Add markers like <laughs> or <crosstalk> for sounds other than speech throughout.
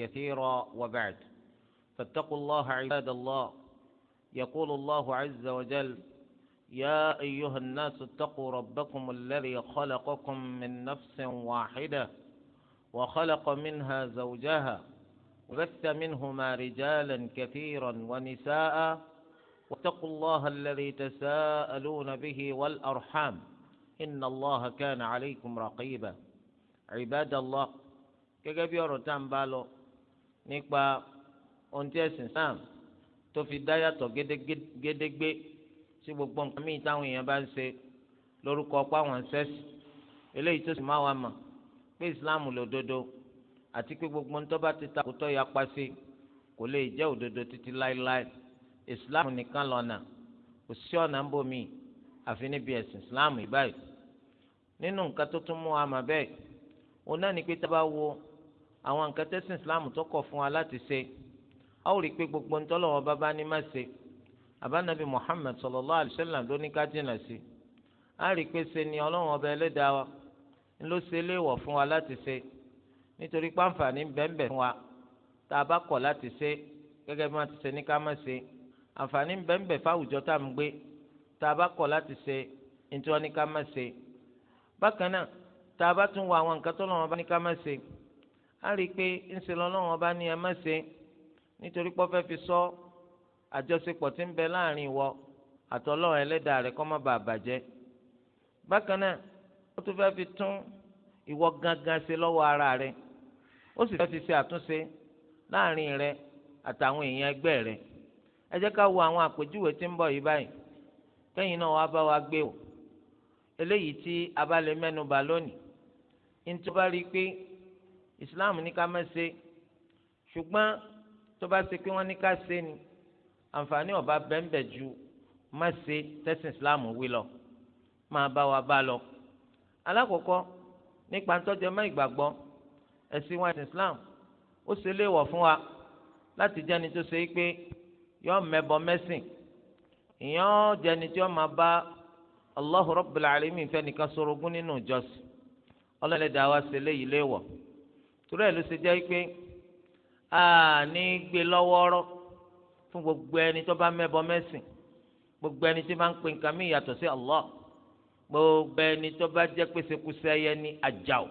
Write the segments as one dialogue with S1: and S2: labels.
S1: كثيرا وبعد فاتقوا الله عباد الله يقول الله عز وجل يا أيها الناس اتقوا ربكم الذي خلقكم من نفس واحدة وخلق منها زوجها وبث منهما رجالا كثيرا ونساء واتقوا الله الذي تساءلون به والأرحام إن الله كان عليكم رقيبا عباد الله كجبير تنبالو nípa ohun tí ẹ̀sìn Islam tó fi dá yàtọ̀ gédégbé sí gbogbo nǹkan míì táwọn èèyàn bá ń ṣe lórúkọ páwọn ń ṣẹ̀sìn eléyìí tó sì máa wà mà pé Islam lòdodo àti pé gbogbo ń tó bá ti ta àkótọ́ ya pa kò lè jẹ́ òdodo títí láéláé Islam nìkan lọ́nà kò sí ọ̀nà ń bò míì àfi níbi ẹ̀sìn Islam ìbáyìí nínú nǹkan tó tún mú wa mà bẹ́ẹ̀ òun náà ni pé tá wo àwọn nǹkan tẹ́sìn islam tó kọ̀ fún wa láti ṣe a ó rí gbogbo ń tọ́lọ́wọ́ bá má ṣe àbánabi muhammed sallallahu alayhi wa sallam ló ní ká jìnnà sí a rí i pé ṣe ni ọlọ́run ọba ẹlẹ́dàá wa ń ló ṣe léèwọ̀ fún wa láti ṣe nítorí pàǹfààní bẹ́ẹ̀nbẹ́ẹ̀ fún wa tá a bá kọ̀ láti ṣe gẹ́gẹ́ bí wọ́n ti ṣe ní ká má ṣe àǹfààní bẹ́ẹ̀nbẹ́ẹ̀ fáwùjọ tá à ń gbé tá a bá kọ̀ láti ṣe ní tí wọ́n ní ká má ṣe bákan náà tá a bá tún wọ àwọn nǹkan tọ́lọ́run ọba ní ká má ṣe a rí i pé ńṣe lọ́lọ́run ọba ní ẹ má ṣe nítorí pé ó fẹ́ fi sọ àjọṣepọ̀ tí ń bẹ láàrin ìwọ àtọ́lọ́run ẹlẹ́dàá rẹ kó má bàa bàjẹ́ bákan náà ó tún fẹ́ fi tún ìwọ gangan ṣe lọ́wọ́ ara rẹ ó sì fẹ́ fi ṣe àtúnṣe láàrin rẹ àtàwọn èèyàn ẹgbẹ́ rẹ ẹ jẹ́ ká wo àwọn àpèjúwe tí ń bọ̀ yìí báyìí kẹ́yìn náà wàá bá wa gbé wò eléyìí tí a bá lónìí ní pé islam ní ká má ṣe ṣùgbọ́n tó bá ṣe pé wọ́n ní ká ṣe ni àǹfààní ọba bẹ́ńbẹ̀ ju má ṣe tẹ́sán islam wí lọ máa bá wa bá lọ. alákọ̀ọ́kọ́ nípa ntọ́jọ́ mọ́ ìgbàgbọ́ ẹ̀sìn wa ẹ̀sìn islam ó ṣe léèwọ̀ fún wa láti jẹ́ni tó ṣe é pé yọ mẹ́bọ mẹ́sìn ìyẹn jẹ́ni tí wọ́n máa bá Allahu Rabbil Alamin fẹ́nìkan sorogún nínú ìjọsìn ọlọ́lẹ́dàá wa ṣe léyìí léèwọ̀. Le torí ẹ̀ ló ṣe jẹ́ pé a ní gbé lọ́wọ́rọ́ fún gbogbo ẹni tó bá mẹ́bọ mẹ́sìn gbogbo ẹni tí máa ń pè nǹkan mí yàtọ̀ sí Allah gbogbo ẹni tó bá jẹ́ pé ṣekúṣe ẹyẹ ní ajáò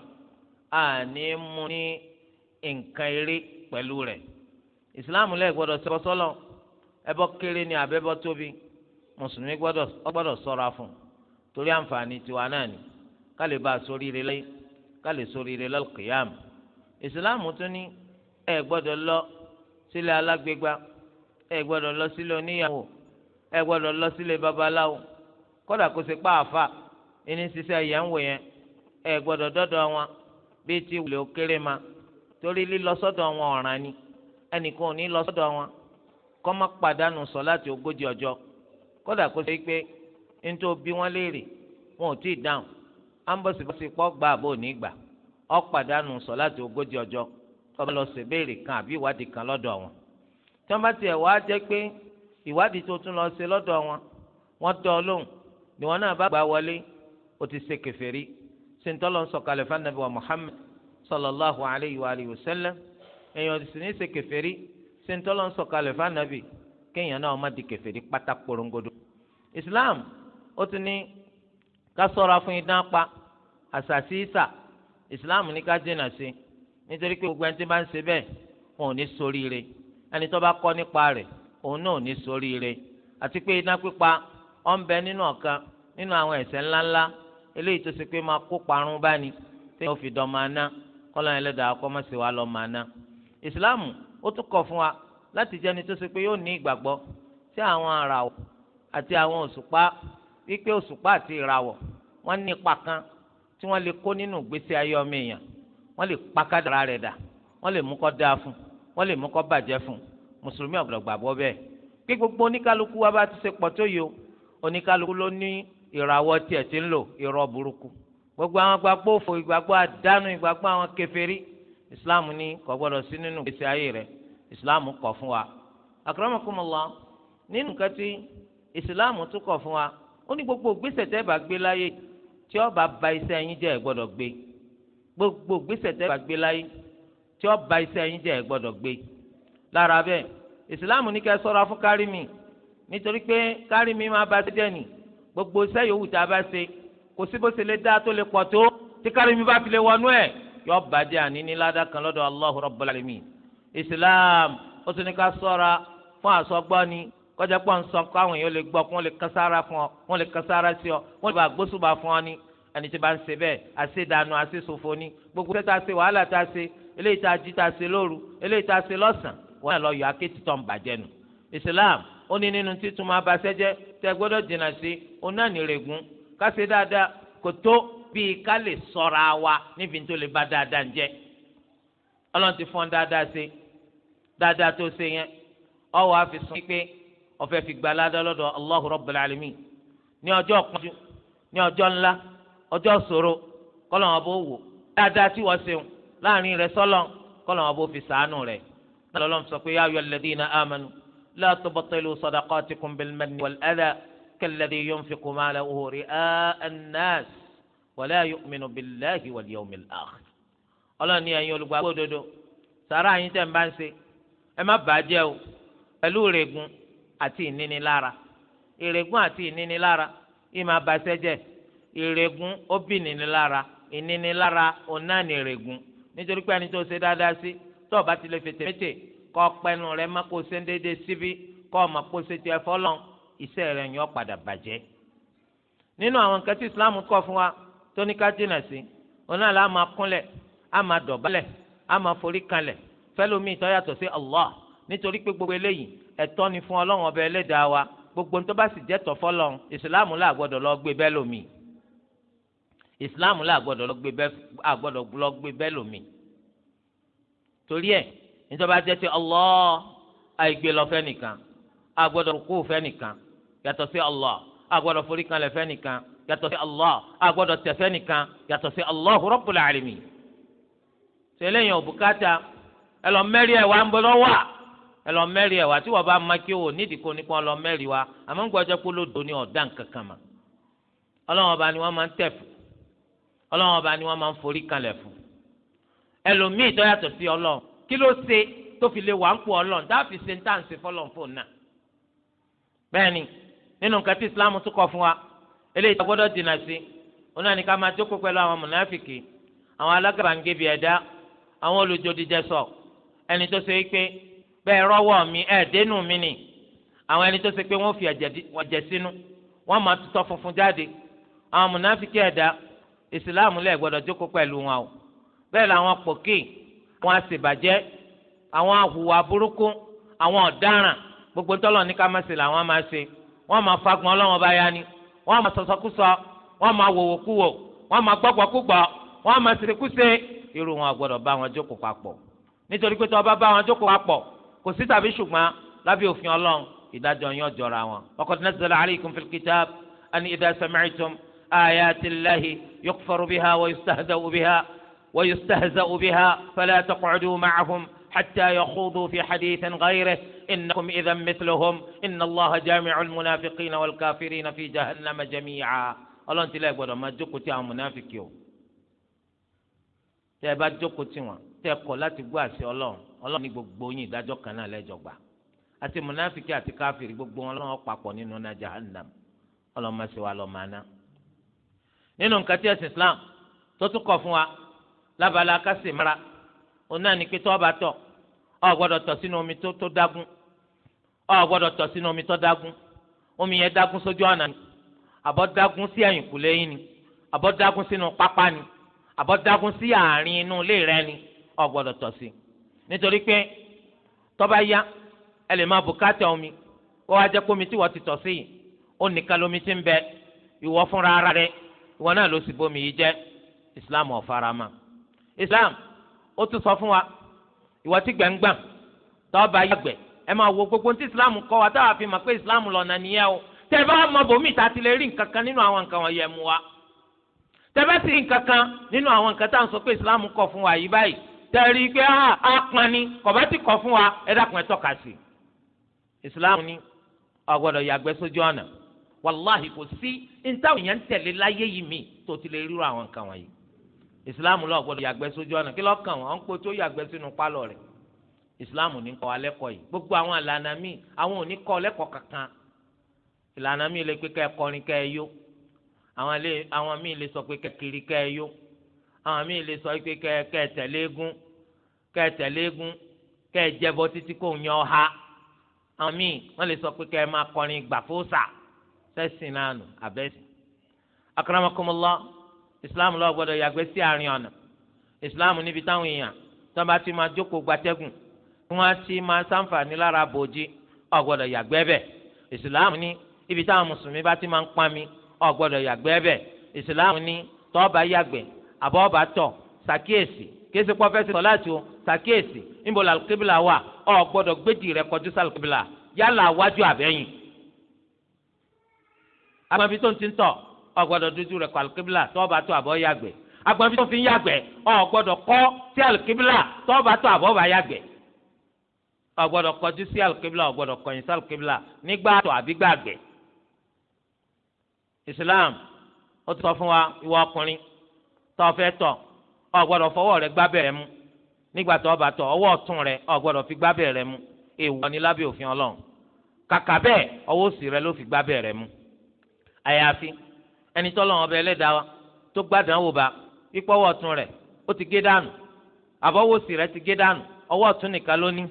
S1: a ní mú ní nǹkan eré pẹ̀lú rẹ̀ ìsìláàmù lẹ́ẹ̀ gbọ́dọ̀ ṣẹbọ sọ́lọ̀ ẹbọ kéré ni àbẹ́bọ tóbi mùsùlùmí gbọ́dọ̀ ṣọ́ra fún torí àǹfààní tiwa náà ni ká lè bá a sóríire lẹ́yìn ká lè sóríire lọ́kìyàmù ìsìláàmù tún ní ẹ gbọ́dọ̀ lọ sílé alágbègbà ẹ gbọ́dọ̀ lọ sílé oníyàwó ẹ gbọ́dọ̀ lọ sílé babaláwo kódà kó ṣe pa àfà ẹni ṣiṣẹ́ yẹn ń wò yẹn ẹ gbọ́dọ̀ dọ́dọ̀ wọn bíi ti wùlé òkèrè ma torí lílọ sọ́dọ̀ wọn ọ̀ràn ni ẹnìkan ò ní lọ sọ́dọ̀ wọn kó má pàdánù sọ láti ogójì ọjọ́ kódà kó ṣe pé nítorí bí wọ́n léèrè wọn ò tí ì dáhùn ambọ̀sibọ̀sì pọ̀ gbà àbò ní gbà ọ̀pàdánù sọ̀láàtì ogójì ọjọ́ tó bá lọ ṣèbéèrè kan àbí ìwádìí kan lọ́dọ̀ wọn tí wọ́n bá tiẹ̀ wá jẹ́ pé ìwádìí tó tún lọ ṣe lọ́dọ̀ wọn wọ́n tọ́ ọ lóhùn ni wọn náà bá gbà wọlé ó ti ṣe kèfèrí ṣe ń tọ́lọ́ ń sọ̀kalẹ̀ fanabi wa Muhammad sallallahu alayhi wa alihi wa sallam èèyàn sì ní ṣe kèfèrí ṣe ń tọ́lọ́ ń sọ̀kalẹ̀ fanabi kéèyàn náà má di kèfèrí pátá korongodo Islam ó ti ní ká fún idán pa àṣàṣì ìsà Islam ní ká dènà sí nítorí pé gbogbo ẹni tí bá ń ṣe bẹ́ẹ̀ òun ò ní soríire ẹni tó bá kọ́ nípa rẹ̀ òun náà ò ní soríire àti pé iná pípa ọ̀ ń bẹ nínú ọ̀kan nínú àwọn ẹ̀ṣẹ̀ ńláńlá eléyìí tó ṣe pé máa kó parun bá ni tí wọ́n fi dán máa ná kọ́lọ́ yẹn lẹ́dàá kọ́ mọ́ sí wa lọ́ máa ná. ìsìláàmù ó tún kọ̀ fún wa láti jẹ́ ẹni tó ṣe pé yóò ní ìgbàgbọ́ sí àwọn àràwọ̀ àti àwọn òṣùpá wípé òṣùpá àti ìràwọ̀ wọ́n ní ipa kan tí wọ́n lè kó nínú ìgbésí ayé ọmọ èèyàn wọ́n lè pakádàra rẹ̀ dà wọ́n lè mú kó dáa fún wọ́n lè mú kó bàjẹ́ fún mùsùlùmí ọ̀gbọ̀dọ̀ gbàgbọ́ bẹ́ẹ̀ kí gbogbo oníkálukú wa bá ti ṣe pọ̀ tó yìí o oníkálukú ló ní ìràwọ̀ tiẹ̀ ti ń lò irọ́ burúkú gbogbo àwọn gbàgbọ́ òfò ìgbàgbọ́ àdánù ìgbàgbọ́ àwọn kèfèrí islam ní kò gbọ́dọ̀ sí nínú ìgbésí ayé rẹ̀ islam kọ̀ fún wa akramakumullah nínú kẹtí islam tún kọ̀ fún wa ó ní gbogbo ìgbésẹ̀ tẹ́ bá gbé láyé tí ó bá ba iṣẹ́ yín jẹ́ ẹ gbọ́dọ̀ gbé gbogbo gbèsè tẹ́ bá gbé láyé tí ó ba iṣẹ́ yín jẹ́ ẹ gbọ́dọ̀ gbé lára bẹ́ẹ̀ ìsìláàmù ní kẹ́ ṣọ́ra fún kárìmì nítorí pé kárìmì máa ba ṣe jẹ́ nì gbogbo iṣẹ́ yòówù tá a bá ṣe kò sí bó ṣe lè dá tó lè pọ̀ tó tí kárìmì bá fi lè wọnú ẹ̀ yọ bàjẹ́ àní ní ládàá kan lọ́dọ̀ Allahu Rabbul Alamin ìsìláàmù ó tún ní ká ṣọ́ra fún àsọgbọ́ni kọjá pọ̀ ń sọ káwọn èèyàn lè gbọ́ kó wọ́n lè kására fún ọ wọ́n lè kására sí ọ wọ́n lè bá gbósùbà fún ọ ní ẹni tí bá ń ṣe bẹ́ẹ̀ àṣedànù àṣesòfò ní gbogbo tẹ́ta ṣe wàhálà tá a ṣe eléyìí tá a jí tá a ṣe lóru eléyìí tá a ṣe lọ́sàn wọ́n náà lọ yọ akéètì tó ń bàjẹ́ nu Islam ó ní nínú títún máa ba sẹ́jẹ́ tẹ gbọ́dọ̀ jìnnà sí òun náà nírègùn ká ṣe dáadáa kò tó bíi ká lè sọ̀ra wa níbi tó lè bá dáadáa ń jẹ́ ọlọ́run ti fọ́n dáadáa ṣe dáadáa tó ọfẹ fi gba aládá lọ́dọ̀ Allahu Rabbil Alamin ní ọjọ́ kọjú ní ọjọ́ ńlá ọjọ́ ṣòro kọlọ wọn bó wò dáadáa tí wọn ṣeun láàrin rẹ̀ sọlọ kọlọ wọn bó fi sàánù rẹ̀ náà lọlọm sọ pé ya ayyuhal ladhina amanu la tubtilu sadaqatikum bil manni wal adha kalladhi yunfiqu malahu ri'a an-nas wa la yu'minu billahi wal yawmil akhir ọlọ́ni ẹ̀yin olùgbàgbọ́ òdodo sàrà yín tẹ̀ ń bá ń ṣe ẹ má bàá jẹ́ o pẹ̀lú rẹ̀gùn àti ìnínilára ìrègùn àti ìnínilára ìmọ̀ àbàṣẹ́jẹ́ ìrègùn ó bí ìnínilára ìnínilára onáni ìrègùn nítorí pé ẹni tó ṣe dáadáa sí tó o bá ti lè fètè méjì kọ́ pẹ́nu rẹ má kó ṣe ń déédéé síbí kọ́ ọmọ kó ṣe tiẹ̀ fọ́lọ́n iṣẹ́ rẹ̀ yàn padà bàjẹ́. nínú àwọn nǹkan tí Islam kọ́ fún wa tó ní ká dènà sí onáà la máa kúnlẹ̀ á máa dọ̀bálẹ̀ á máa forí kanlẹ̀ fẹ́lómi tó sí Allah nítorí pé gbogbo eléyìí ẹ̀tọ́ ni fún ọlọ́run ọba ẹlẹ́dàá wa gbogbo ń tó bá sì jẹ́ tọ̀fọ́ lọ́run ìsìláàmù là gbọ́dọ̀ lọ gbé bẹ́ẹ̀ lómi ìsìláàmù là gbọ́dọ̀ lọ gbé bẹ́ẹ̀ lómi torí ẹ̀ nítorí bá jẹ́ ti Allah àìgbé lọ fẹ́nìkan àgbọ́dọ̀ kú fẹ́nìkan yàtọ̀ sí Allah àgbọ́dọ̀ forí kan lẹ̀ fẹ́nìkan yàtọ̀ sí Allah àgbọ́dọ̀ tẹ̀ fẹ́nìkan yàtọ̀ sí Allahu Rabbul Alamin. sẹ́lẹ̀yìn òbúkátà ẹ lọ mẹ́rí ẹ̀ wá ń bọ́ lọ́wọ́ à ẹ lọ mẹ́rì ẹ̀ wá tí wọ́n bá ma o nídìí kó nípa ọlọ mẹ́rì wa àmọ́ ń pé lódò ní ọ̀dà nkankan mà ọlọ́wọ́n ọba ni wọ́n máa ń tẹ̀ fún ọlọ́wọ́n ọba ni wọ́n máa ń forí kalẹ̀ fún ẹlòmíì tó yàtọ̀ sí ọlọ́run kí ló ṣe tó fi lè wà ń pò ọlọ́run dáàfi ṣe ń tàǹsì fọlọ́run fò náà bẹ́ẹ̀ni nínú nǹkan tí islam tún kọ fún wa eléyìí tó gbọ́dọ̀ dènà sí òun náà ní ká máa jókòó pẹ̀lú àwọn mùnáfìkì àwọn alágàbàǹgebì ẹ̀dá àwọn olùjòdìjẹsọ ẹni tó ṣe é pé bẹ́ẹ̀ rọ́wọ́ mi ẹ̀ dénú mi nì àwọn ẹni tó ṣe pé wọ́n fi ọ̀jẹ̀ sínú wọ́n máa tutọ́ funfun jáde àwọn mùnáfíkì ẹ̀dá ìsìláàmù lẹ̀ gbọ́dọ̀ jókòó pẹ̀lú wọn o bẹ́ẹ̀ làwọn pòkì wọn àṣebàjẹ́ àwọn àhùwà burúkú àwọn ọ̀daràn gbogbo tọ́lọ̀ ní ká làwọn máa ṣe wọ́n máa fagbọn ọlọ́wọ́n bá yá ni wọ́n máa sọ̀sọ́kúsọ wọ́n máa wòwòkúwò wọ́n máa gbọ́gbọ́kúgbọ́ wọ́n máa ṣèkúṣe irú wọn gbọ́dọ̀ bá wọn jókòó papọ̀ nítorí pé tí wọ́n bá bá wọn jókòó papọ̀ kò sí tàbí ṣùgbọ́n lábẹ́ òfin ọlọ́run ìdájọ́ yín ọ̀jọ̀ra wọn. waqad nazzala alaykum fil kitab an idha sami'tum ayati llahi yukfaru biha wa yustahza'u biha wa yustahza'u biha fala taq'udu ma'ahum حتى يخوضوا في حديث غيره إنكم إذا مثلهم إن الله جامع المنافقين والكافرين في جهنم جميعا ọlọ́run ti lẹ́ gbọ́dọ̀ máa jókòó tí àwọn mùnàfíkì o tẹ́ ẹ bá jókòó tí wọn tẹ́ ẹ kọ̀ láti gbọ́ àṣẹ ọlọ́run ọlọ́run ní gbogbo yín ìdájọ́ kan náà lẹ́jọ́ gbà àti mùnáfíkì àti káfíìrì gbogbo wọn lọ́wọ́ papọ̀ nínú iná jahannam ọlọ́run má ṣe nínú nǹkan tí ẹ̀sìn Islam tó tún kọ̀ fún wa lábala kásì mara òun náà ní pé tó bá tọ̀ ọ gbọ́dọ̀ tọ̀ sínú omi tó dágún ọ gbọ́dọ̀ tọ̀ sínú omi tó dágún omi yẹn dágún sójú ọ̀nà ni àbọ̀ dágún sí ẹ̀yìnkùlé yín ni àbọ̀ dágún sínú pápá ni àbọ̀ dágún sí àárín inú ilé rẹ ni ọ gbọ́dọ̀ tọ̀ sí i nítorí pé tọ́ba yá ẹ lè máa bùkátà omi kó wá jẹ́ kómi tí wọ́n ti tọ̀ sí yìí ó nìkan lomi ti ń bẹ ìwọ fúnra ara rẹ ìwọ náà ló sì bomi yìí jẹ́ islam ọ̀farama islam ó tún sọ fún wa ìwọ tí gbẹ̀ngbà tọ́ba yàgbẹ́ ẹ máa wo gbogbo tí islam kọ́ wa táwa fi mọ̀ pé islam lọ́nà nìyẹn o tẹ́ bá mọ bòmí ìta ti lè rí nǹkan kan nínú àwọn nǹkan wọ̀nyẹn mu wa tẹ́ bá sì rí nǹkan kan nínú àwọn nǹkan tá à ń sọ pé islam kọ́ fún wa yìí báyìí tẹ̀rí pé ah, a pọn ni kọ̀bá ti kọ̀ fún wa ẹ dákun ẹ tọ́ka sí. ìsìláàmù ni ọgbọ́dọ̀ yàgbẹ́ sójú ọ̀nà wàláhì kò sí ntáwọn èèyàn ń tẹ̀lé láyé yìí mi tó ti lè ríro àwọn nǹkan wọ̀nyí. ìsìláàmù lọ gbọ́dọ̀ yàgbẹ́ sójú ọ̀nà kí lọ́kàn wọn ń po tó yàgbẹ́ sínú pálọ̀ rẹ̀ ìsìláàmù ní kọ́ alẹ́kọ̀ọ́ yìí gbogbo àwọn ìlànà míì àwọn ò ní kọ́ lẹ́kọ̀ọ́ kankan ìlànà míì lè pé kẹ́ kọrin kẹ́ yó àwọn míì lè sọ pé kẹ́ kiri kẹ́ yó àwọn míì lè sọ pé kẹ kẹ tẹ̀lé kẹ kẹ jẹbọ títí kò ha àwọn wọn lè sọ pé kẹ kọrin gbàfóòsà sẹ́sìn náà nù àbẹ́sìn. akaramakomola islam lọ gbọ́dọ̀ yàgbẹ́ sí àárín ọnà islam níbi táwọn èèyàn tó bá ti máa jókòó gbatẹ́gùn tí ti máa lára bòójì islam ní ibi táwọn mùsùlùmí bá ti máa àbọ̀ ọba tọ̀ ṣàkíyèsí kéésì pọ́ fẹ́ sọ láti o ṣàkíyèsí níbo làlùkébìlà wà ọ gbọ́dọ̀ gbéjì rẹ kọjú sàlùkébìlà yálà wájú àbẹ́yìn. agbọ̀nbi tó ń ti ń tọ̀ ọ gbọ́dọ̀ dojú rẹ kọ àlùkébìlà tọ́ ọba tọ̀ àbọ̀ yàgbẹ́ agbọ̀nbi tó fi ń yàgbẹ́ ọ gbọ́dọ̀ kọ́ sí àlùkébìlà tọ́ ọba tọ̀ àbọ̀ ọba yàgbẹ́ ọ gbọ́dọ̀ kọjú sí àlùkébìlà ọ gbọ́dọ̀ kọ̀yìn sí àlùkébìlà nígbà tọ̀ àbí gbàgbẹ́ Islam ó ti sọ fún wa ìwọ ọkùnrin tó fẹ́ tọ̀ ọ gbọ́dọ̀ fọwọ́ rẹ gbábẹ́ rẹ mú nígbà tó bá tọ̀ ọwọ́ ọ̀tún rẹ ọ gbọ́dọ̀ fi gbábẹ́ rẹ mú èèwọ̀ ni lábẹ́ òfin Ọlọ́run kàkà bẹ́ẹ̀ ọwọ́ òsì rẹ ló fi gbábẹ́ rẹ mú àyàfi ẹni tọ́lọ́run ọbẹ̀ ẹlẹ́dàá wa tó gbádùn wò bá pípọ́ ọwọ́ ọ̀tún rẹ ó ti gé dànù àbọ̀wọ́ òsì rẹ ti gé dànù ọwọ́ ọ̀tún nìkan ló ní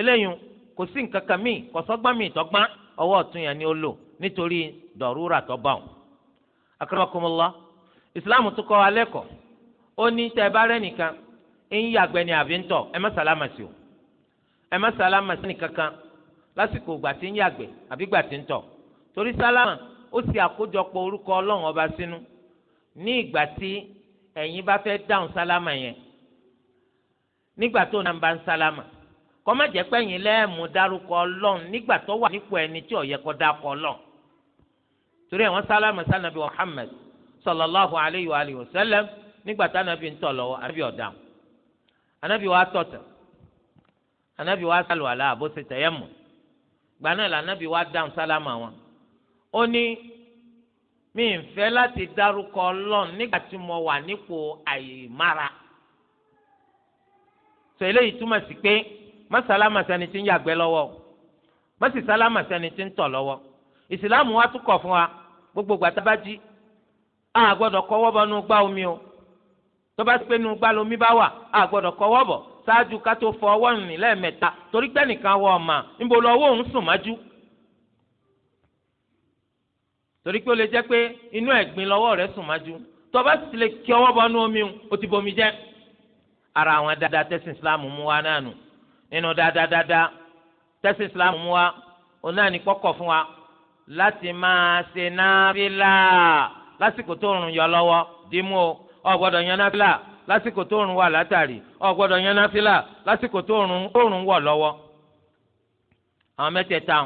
S1: eléyìí kò sí nǹkan ni ó lò nítorí dọ̀rúrà tó bá islam tún kọ́ alẹ́ kọ́ ó ní tẹ́ ẹ bá rẹ́ nìkan ń ni àbí ń tọ̀ ẹ má o ẹ má sàlámà sí nìkankan lásìkò ìgbà tí ń yàgbẹ́ àbí ìgbà tí ń tọ̀ torí sálámà ó sì ọba sínú ní ìgbà tí ẹ̀yin bá fẹ́ dáhùn sálámà yẹn nígbà tó náà bá ń sálámà kọ́ má jẹ́ pé lẹ́ẹ̀mú ẹni tí yẹ dákọ ọlọ́run torí sálámà sallallahu alayhi wa alihi wa sallam nígbà tá anabi ń tọ̀ lọ́wọ́ anabi ọ̀dà anabi wa tọ̀tà anabi wa sálù àlà àbóṣe tẹ̀yẹ̀mù gba náà la anabi wa dáhùn sálámà wọn ó ní mi ń fẹ́ láti dárúkọ ọlọ́run nígbà tí mo wà nípò àìmára sọ eléyìí túmọ̀ sí pé má sálámà sẹni tí ń yàgbẹ́ lọ́wọ́ má sì sálámà sẹni tí ń tọ̀ lọ́wọ́ ìsìláàmù wa tún kọ̀ fún wa gbogbo gbàtà a gbọ́dọ̀ kọ́wọ́ bọ̀ nu gbá omi o tó bá pé nu gbá lomi bá wà a gbọ́dọ̀ kọ́wọ́ bọ̀ ṣáájú ká tó fọ ọwọ́ nì lẹ́ẹ̀mẹ́ta torí pé nìkan wọ ọ̀mà níbo lọ owó òun sùn májú torí pé ó lè jẹ́ pé inú ẹ̀gbin lọ́wọ́ rẹ̀ sùn májú tó sì lè kí ọwọ́ bọ̀ nu omi o ó ti bomi jẹ́ ara àwọn dáadáa tẹ̀sìn Islam mú wa náà nù nínú dáadáa dáadáa tẹ̀sìn Islam mú wa òun náà ní kọ́kọ́ fún wa láti máa ṣe náà fi láà lásìkò tó rùn yọ lọ́wọ́ dìímú o ọ gbọ́dọ̀ yan náfìlà lásìkò tó rùn wà látàrí ọ gbọ́dọ̀ yan náfìlà lásìkò tó rùn òrùn wọ̀ lọ́wọ́. àwọn mẹ́tẹ̀ẹ̀ta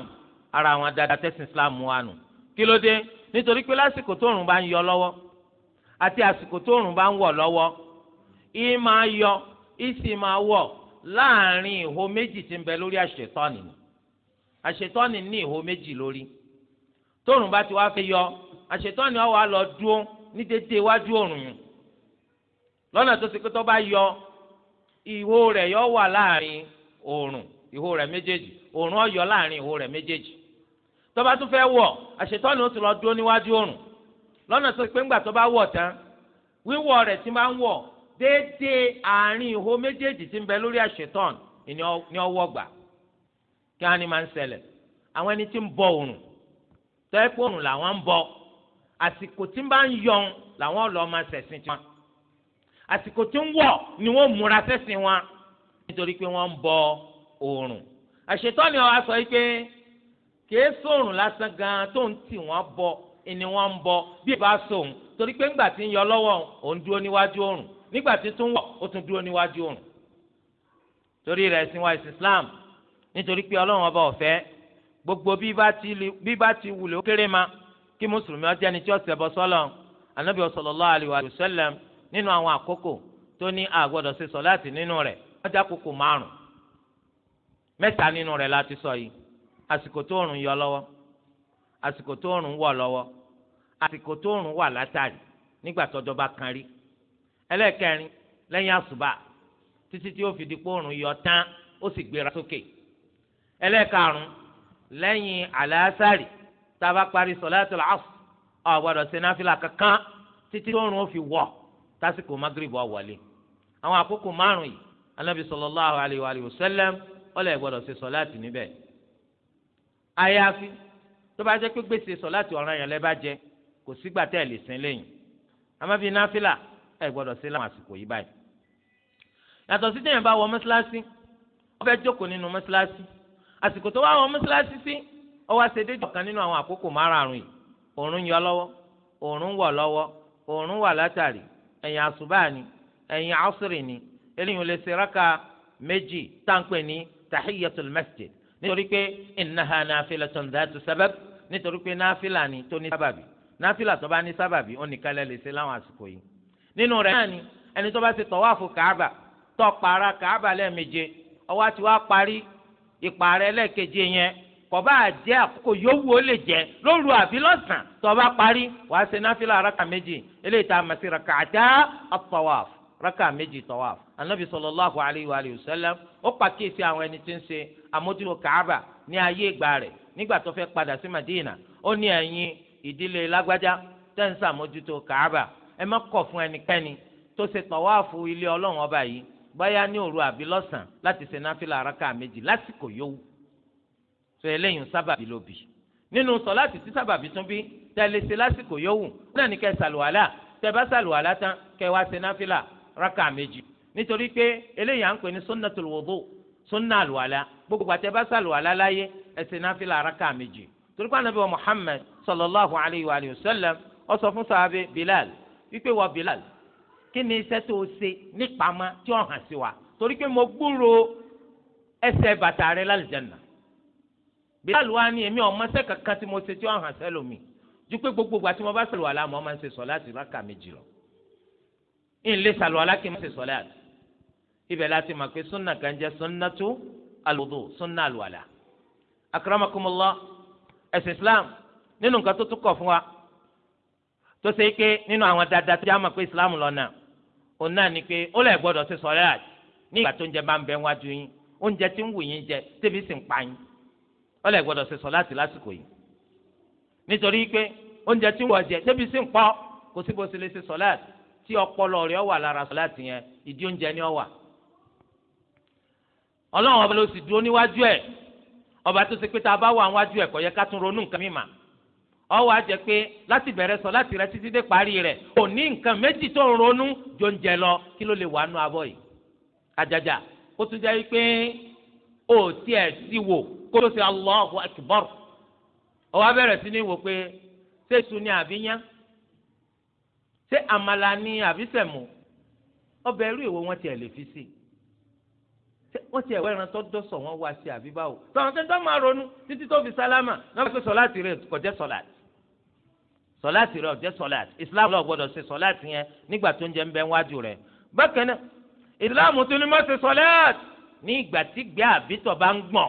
S1: ara àwọn dada tẹ̀sìn islam wà nù kí ló dé nítorí pé lásìkò tó rùn bá ń yọ lọ́wọ́ àti àsìkò tó rùn bá ń wọ̀ lọ́wọ́ ì máa yọ ì sì máa wọ̀ láàrin ìhó méjì tí ń bẹ lórí àṣetọ́ni àṣetọ́ni ní ìhó méjì lórí tóòrùn bá ti wá fẹ́ yọ àṣetán ni ọwọ́ àlọ́ dúró ní dédé iwájú òrùn yìí lọ́nà tó ti pé tó bá yọ ìhó rẹ̀ yọ wà láàrin òrùn ìhó rẹ̀ méjèèjì òrùn ọ̀yọ́ láàrin ìhó rẹ̀ méjèèjì tó bá tún fẹ́ wọ̀ àṣetán ni ó ti lọ dúró níwájú òrùn lọ́nà tó ti pé ńgbà tó bá wọ̀ tán wíwọ̀ rẹ̀ ti máa ń wọ̀ dédé àárín ìhó méjèèjì ti ń bẹ lórí àṣetán ni ọwọ́ gbà kí wọ́n á ní máa ń ṣẹlẹ̀ àwọn òrùn làwọn ń bọ àsìkò tí ń bá ń yọ̀n làwọn lọ́ọ́ máa ṣẹ̀sìn tiwọn àsìkò tí ń wọ̀ ni wọ́n múra ṣẹ̀sìn wọn nítorí pé wọ́n ń bọ oòrùn àṣetọ́ ni wọ́n á sọ yìí pé kìí sóòrùn lásán gan tó ń tì wọ́n bọ ni wọ́n ń bọ bí ìbá sóòrùn torí pé ńgbà tí ń yọ lọ́wọ́ òun dúró níwájú oòrùn nígbà tí tún wọ̀ ó tún dúró níwájú oòrùn torí rẹ̀ ẹ̀sìn wa ẹ̀sìn Islam nítorí pé Ọlọ́run ọba ọ̀fẹ́ gbogbo bí bá ti wulẹ̀ ó kéré máa kí mùsùlùmí ó jẹ́ ẹni tí ó ṣẹbọ sọ́lọ̀ anabi sallallahu alaihi wa sallam nínú àwọn àkókò tó ní a gbọ́dọ̀ ṣe sọ̀láàtì nínú rẹ̀ wọ́n já kókò márùn mẹ́ta nínú rẹ̀ láti sọ yìí àsìkò tó òrùn yọ lọ́wọ́ àsìkò tó òrùn wọ̀ lọ́wọ́ àsìkò tó òrùn wà látàrí nígbà tọ́jọ́ bá kan rí ẹlẹ́ẹ̀kẹrin lẹ́yìn àsùbà títí tí ó fi di pé yọ tán ó sì gbéra sókè ẹlẹ́ẹ̀karùn lẹ́yìn àlàásàrì tá a bá parí sọláàtúl asr a gbọ́dọ̀ ṣe náfìlà kankan títí tó rùn ó fi wọ̀ tásìkò magrib ó wọlé àwọn àkókò márùn yìí anabi sallallahu alayhi wa sallam ó lè gbọ́dọ̀ ṣe sọláàtì níbẹ̀ àyàfi tó bá jẹ́ pé gbèsè sọláàtì ọ̀ràn yẹn lẹ bá jẹ kò sígbà tẹ́ ẹ lè sin lẹ́yìn àmọ́ bíi náfìlà ẹ se ṣe láwọn àsìkò yìí báyìí yàtọ̀ sí tẹ̀yìn bá wọ mọ́ṣáláṣí ó fẹ́ jókòó nínú mọ́ṣáláṣí àsìkò tó wá wọ mọ́ṣáláṣí ó wá ṣe déjọ kan nínú àwọn àkókò márààrún yìí òòrùn yọ lọ́wọ́ òòrùn wọ̀ lọ́wọ́ òòrùn wà látàrí ẹ̀yìn àṣùbà ni ẹ̀yìn àṣìrì ni eléyìí lè ṣe rákà méjì táǹpẹ̀ ní tahiyatul masjid nítorí pé innaha nafilatun dhatu sabab nítorí pé náfìlà ni tó ní sábàbí náfìlà tó bá ní sábàbí ó nìkan lè ṣe láwọn àsìkò yìí nínú rẹ̀ náà ni ẹni tó bá ṣe tọ̀wáàfù kàábà tó para kàábà lẹ́ẹ̀méje ó wá wá parí ìpààrẹ̀ lẹ́ẹ̀keje yẹn kọba àjẹ àkókò yòówù ó lè jẹ lóru àbí lọ́sàn tó bá parí wàá ṣe náfìlà araka méjì eléyìí tá a mọ̀ sí raka àdá at-tawaf raka méjì tawaf anabi sallallahu alayhi wa sallam ó pàkíyèsí àwọn ẹni tí ń ṣe àmójútó kaaba ní ayé ìgbà rẹ̀ nígbà tó fẹ́ padà sí madina ó ní ẹ̀yin ìdílé lágbájá tẹ́ ń ṣàmójútó kaaba ẹ má kọ̀ fún ẹnikẹ́ni tó ṣe tawaafu ilé ọlọ́run ọba yìí báyá ní òru àbí lọ́sàn láti ṣe náfìlà araka méjì lásìkò yòówù sọ eléyìí sábàbí ló bì nínú sọláàtì tí sábàbí tún bí tẹ̀lé ṣe lásìkò yòówù náà ní kẹ́ sàlùwàlà tẹ́ bá sàlùwàlà tán kẹ́ wá ṣe náfìlà rákà méjì nítorí pé eléyìí à ń pè ní sunnatul wudu sunna àlùwàlà gbogbo àtẹ bá sàlùwàlà láyé ẹ ṣe náfìlà rákà méjì torí pé ànábì wa Muhammad sallallahu alayhi wa sallam ó sọ fún sàhábé Bilal wípé wọ Bilal kí ni iṣẹ́ tó ṣe nípamọ́ tí ó hàn sí wa torí pé mo gbúròó ẹsẹ̀ bàtà rẹ lálùjánnà Bilal wa ni èmi ọmọ ṣẹ́ kankan tí mo ṣe tí wọ́n hàn sẹ́lómi ju pé gbogbo ìgbà tí mo bá ṣàlùwà lá mo máa ń ṣe sọ láti rákà méjì lọ ìlẹ̀ ṣàlùwà lá kí n má ṣe sọ láti ibẹ̀ láti mọ̀ pé sunna kan jẹ́ sunnatu alwudu sunna alwala akramakumullah ẹ̀sìn Islam nínú nǹkan tó tún kọ̀ fún wa tó ṣe pé nínú àwọn dáadáa tó jẹ́ àmọ̀ pé Islam lọ́nà òun náà ni pé ó lè gbọ́dọ̀ ṣe sọ láti ní ìgbà tó ń jẹ bá ń bẹ wájú yín oúnjẹ tí ń wù yín ọlẹ́ gbọ́dọ̀ ṣe sọ láti lásìkò yìí nítorí pé oúnjẹ tí wọ́n jẹ débi sí ń pọ́ kò sí bó ṣe lè ṣe sọ láti tí ọpọlọ rẹ̀ wà lára sọ láti yẹn ìdí oúnjẹ ni ọ wà ọlọ́run ọba ló sì dúró níwájú ẹ̀ ọba tó ṣe pé tá a bá wà níwájú ẹ̀ kò yẹ ká tún ronú nǹkan mímà ọwọ́ àjẹ́ pé láti bẹ̀rẹ̀ sọ láti rẹ títí dé parí rẹ̀ ò ní nǹkan méjì tó ń ronú jọ ń lọ kí ló lè wà nú abọ́ yìí àjàjà ó tún jẹ́ pé ó tiẹ̀ sí wò kó tó ṣe Allahu Akbar ó wá bẹ̀rẹ̀ sí ní wò pé ṣé iṣu ni àbí yán ṣé àmàlà ni àbí sẹ̀mù ọbẹ̀ irú èwo wọn tiẹ̀ lè fi sí wọ́n tiẹ̀ wẹ́ẹ́ rántọ́ dọ́sọ̀ wọn wá sí àbí báwo sọ̀rọ̀ tẹ́ ń tọ́ máa ronú títí tó fi sálámà náà wọ́n fi sọ̀láàtì rẹ̀ kò jẹ́ sọ̀láàtì sọ̀láàtì rẹ̀ ò jẹ́ sọ̀láàtì Islam ló gbọ́dọ̀ ṣe sọ̀láàtì yẹn nígbà tó ń jẹ́ ń bẹ́ wájú rẹ̀ bákan náà Islam tún ní má ṣe sọ̀láàtì ní ìgbà tí gbé àbítọ̀ bá ń gbọ̀n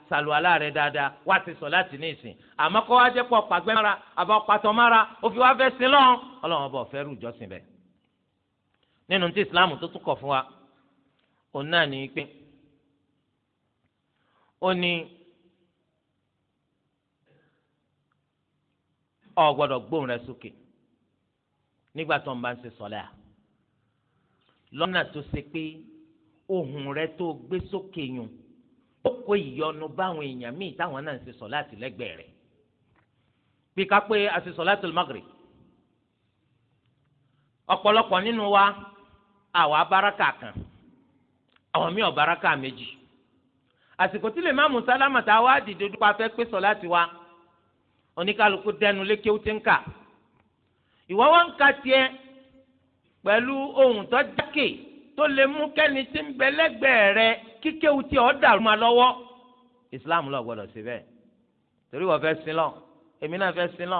S1: sàlùwàlá rẹ dáadáa wá ti sọ láti ní ìsìn àmọ́ kó wá jẹ́ pọ̀ pàgbẹ́ mára àbọ̀ pàtọ́ mára ó wá fẹ́ sin lọ́n ọlọ́run ọba ọ̀fẹ́ rú ìjọsìn bẹ́ẹ̀. nínú tí ìsìláàmù tó tún kọ̀ fún wa òun náà ní pé ó ní ọ gbọ́dọ̀ gbóhùn rẹ sókè nígbà tó ń bá ń ṣe sọlẹ́ à lọ́nà tó ṣe pé ohùn rẹ tó gbé sókè yùn ó kó ìyọnu báwọn èèyàn míì táwọn náà ń ṣe sọ̀láàtì lẹ́gbẹ̀ẹ́ rẹ̀ bí ká pé a ṣe sọ̀láàtì ọ̀pọ̀lọpọ̀ nínú wa àwa baraka kan àwọn míì ọ̀baraka méjì àsìkò tí lè má mú sálámà wá dìde dúpọ̀ afẹ́ pé sọ̀láàtì wa oníkálukú dẹnu lékè ó ti ń kà ìwọ wa ń ka tiẹ̀ pẹ̀lú ohun tó jákè tó lè mú kẹ́ni tí ń bẹ lẹ́gbẹ̀ẹ́ rẹ̀ kíkéwu tí ọ dàrú ma lọ́wọ́ islam ló gbọ́dọ̀ sí bẹ́ẹ̀ torí wọ́n fẹ́ sin lọ èmi náà fẹ́ sin lọ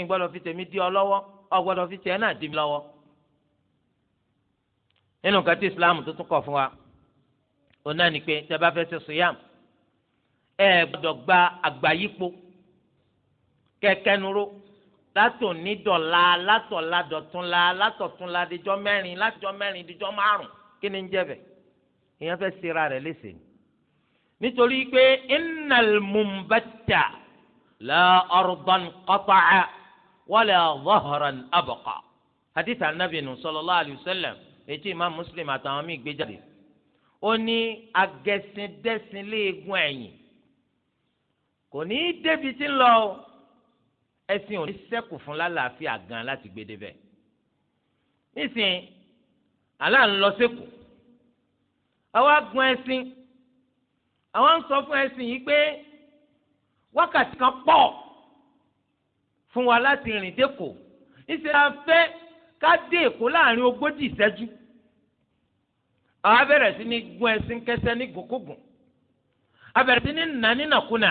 S1: ń gbọ́dọ̀ fi tèmi dí ọ lọ́wọ́ ọ gbọ́dọ̀ fi tèmi náà dí mi lọ́wọ́
S2: nínú kan tí islam
S1: tó tún fún wa òun náà ni pé tẹ́ bá fẹ́ ṣe siyam ẹ gbọ́dọ̀ gba àgbáyípo kẹkẹnuró látòní dọ̀la látọ̀la látọ̀túnla dijọ́ mẹ́rin látijọ́ mẹ́rin dijọ́ márùn kí ni ń jẹ́ bẹ́ẹ̀ èèyàn fẹ́ ṣera rẹ̀ léṣe nítorí pé innal munbatta la ardan qata'a wala dhahran abqa hadith anabi nù sallallahu alayhi wa sallam etí imam muslim àtàwọn míì gbé jáde ó ní agẹsindẹsin léegun ẹ̀yìn kò ní í débi tí ń lọ o ẹsìn ò ní ṣẹ́kù fún lálàáfíà gan láti gbé débẹ̀ nísìnyí aláǹlọ àwa gun ẹṣin àwa ń sọ fún ẹṣin yìí pé wákàtí kan pọ̀ fún wa láti rìn dẹ́kọ̀ ìṣe la fẹ́ ká dé èkó láàrin ogójì ìṣẹ́jú àwa bẹ̀rẹ̀ sí ní gun ẹṣin kẹsẹ́ ní gòkógùn a bẹ̀rẹ̀ sí ní nà nínàkúnà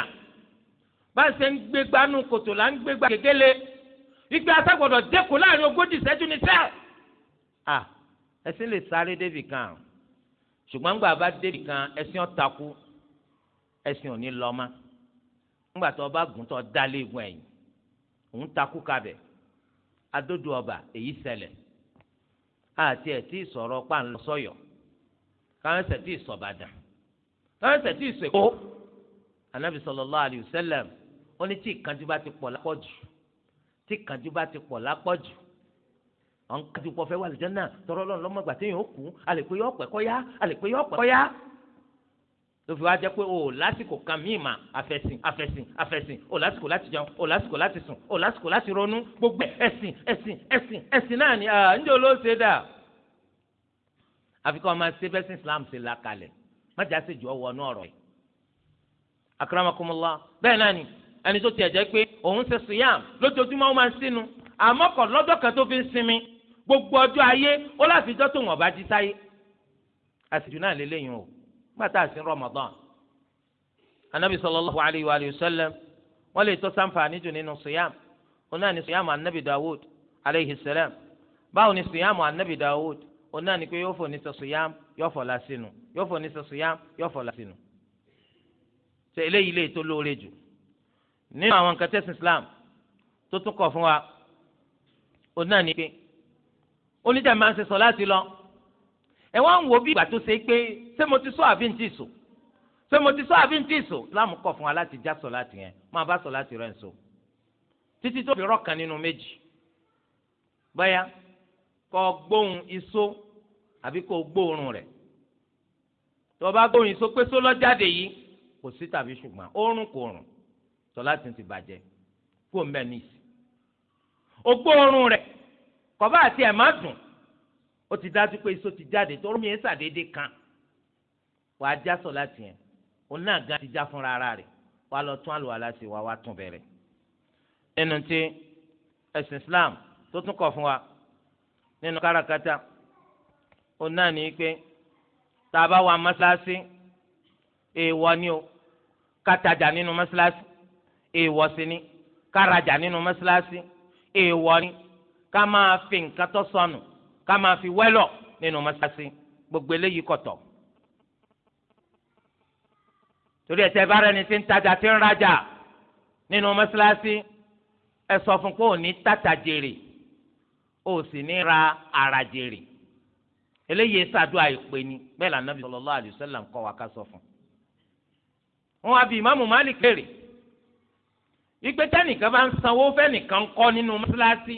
S1: bá a ṣe ń gbégbá nù kòtò là ń gbégbá gègéle ìgbé asagbọdọ dẹkọ láàrin ogójì ìṣẹ́jú ní sẹẹ à lè sáré débi kan ṣùgbọ́n aba bá débì kan ẹ̀sìn ọ̀takú ẹ̀sìn òní lọ́mọ ńgbà tó ọba gùn tó dálé egun ẹ̀yìn òun takú kabẹ̀ ọba èyí ṣẹlẹ̀ àti ẹ̀ tí sọ̀rọ̀ pàǹlọ sọ̀yọ̀ káwọ́nsẹ̀ tí sọ̀bàdàn káwọ́nsẹ̀ tí sèkó anabi sallallahu alayhi wa ó ní tí bá ti pọ̀ lápọ̀jù tí bá àwọn kájú pọ̀ fẹ́ wà lìjọ́ náà tọrọ lọ́n lọ́mọ ìgbà téèyàn ó kú àlèpé yọ ọ̀pẹ́ kọ́ yá àlèpé yọ ọ̀pẹ́ kọ́ yá. ló fi wá jẹ́ pé o lásìkò kan míì mà àfẹ̀sìn àfẹ̀sìn àfẹ̀sìn o lásìkò láti jẹun o lásìkò láti sùn o lásìkò láti ronú gbogbo ẹ̀sìn ẹ̀sìn ẹ̀sìn ẹ̀sìn náà ni ǹjẹ́ ló ṣe dà. àfikún ọmọ ṣe bẹ́sìn Islam ṣe la kalẹ̀ májà ṣe jù ọwọ́ náà rọ̀ akramakumullah bẹ́ẹ̀ náà ni ẹni tó tiẹ̀ jẹ́ pé òun ṣe sùyàm lójoojúmọ́ ó máa ń sínú àmọ́ kọ̀ lọ́jọ́ kan tó fi ń sinmi gbogbo ọjọ́ ayé ó láti jọ́ tó wọn bá jí sáyé àsìkò náà lélẹ́yìn o gbàtà sí Ramadan anabi sallallahu alayhi wa sallam wọn lè tọ́ sáǹfààní jù nínú siyam òun náà ni siyam anabi dawud alayhi salam báwo ni siyam anabi dawud òun náà ni pé yóò fò ní sọ siyam yóò fò lásìnù yóò fò ní sọ siyam yóò fò lásìnù ṣe eléyìí lè tó lóore jù nínú àwọn nǹkan islam tó tún kọ̀ fún wa òun náà ni pé oníjà máa ń ṣe sọ láti lọ ẹ wá ń wo bí ìgbà tó ṣe pé ṣé mo ti sọ àbí ń tì sọ ṣé mo ti sọ àbí ń tì sọ láàmú kọ fún wa láti já sọ láti yẹn máa bá sọ láti rẹ ń sọ títí tó fi rọkàn nínú méjì báyà kọ gbóhùn iṣó àbí kò gbóòórùn rẹ̀ tó bá gbóhùn iṣó pé só lọ́jáde yìí kò sí tàbí ṣùgbọ́n oorun kò rùn sọ láti ti bàjẹ́ kó ń bẹ níìsì ògbóòórùn kọba àti ẹ̀ má dùn ó ti dájú pé iṣó ti jáde tó rú mi ẹ̀ sàdédé kan wàá já sọ láti yẹn òun náà gan ti já fúnra ara rẹ̀ wàá lọ tún àlùwàlá sí wa wàá tún bẹ̀rẹ̀. nínú tí ẹ̀sìn Islam tó tún kọ̀ fún wa nínú kárakáta òun náà ní pé tá a bá wà mọ́ṣáláṣí èèwọ̀ ni o kátàjà nínú mọ́ṣáláṣí èèwọ̀ sí ni kárajà nínú mọ́ṣáláṣí èèwọ̀ ni ká máa fi nǹkan tó sọnù ká máa fi wẹ́lọ̀ nínú mọ́ṣáláṣí gbogbo eléyìí kọ̀tọ̀. torí ẹ̀tẹ́ bára ẹni tí ń tajà tí ń rajà nínú mọ́ṣáláṣí ẹ sọ fún pé ò tàtà jèrè ò sì ní ra ara jèrè eléyìí ṣàdúrà ìpè ni bẹ́ẹ̀ lànà bí sallallahu alaihi wasallam ń kọ́ wa ká sọ fún. wọn wá bí ìmáàmù Málíkì léèrè nìkan bá ń sanwó fẹ́ nìkan kọ́ nínú mọ́ṣáláṣí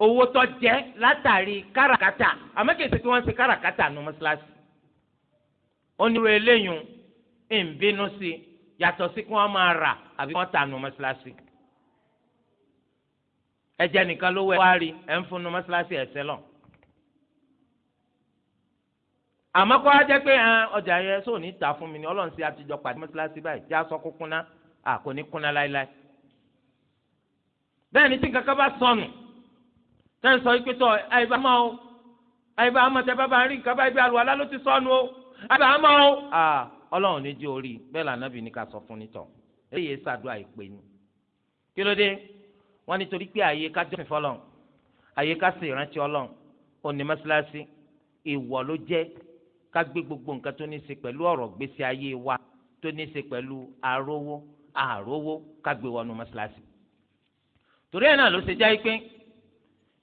S1: owó tó jẹ́ látàrí káràkátà àmọ́ kìí ṣe pé wọ́n ń ṣe káràkátà nu mọ́ṣáláṣí. onírò eléyìí ń bínú sí yàtọ̀ sí kí wọ́n máa rà àbí wọ́n tà nu mọ́ṣáláṣí. ẹ̀jẹ̀ nìkan ló wẹ̀ wá rí ẹ̀ ń fún nu mọ́ṣáláṣí ẹ̀sẹ̀ lọ. àmọ́ kó wá jẹ́ pé ọjà yẹn sóò ní ta fún mi ni ọlọ́run sí àtijọ́ pàdé mọ́ṣáláṣí báyìí já sọ kúkúná àkóní kúnná láéláé. bẹ́ẹ̀ ni tí kankan bá sọnù tẹ́ sọ pé tọ́ àyíbá mọ́ o àyíbá mọ́ tẹ́ bábà rí nǹkan báyìí bí àlùwàlá ló ti sọnù o àyíbá mọ́ o. ọlọ́run ní jẹ́ orí bẹ́ẹ̀ lànàbì ní ká sọ fún nítọ̀ eléyè sàdúrà ìpè ni kí ló dé wọ́n nítorí pé àyè ká jọ́sìn fọlọ́n àyè ká sì rántí ọlọ́run òní mọ́ṣáláṣí ìwọ ló jẹ́ ká gbé gbogbo nǹkan tó ní í ṣe pẹ̀lú ọ̀rọ̀ gbèsè ayé wa tó ní í ṣe pẹ̀lú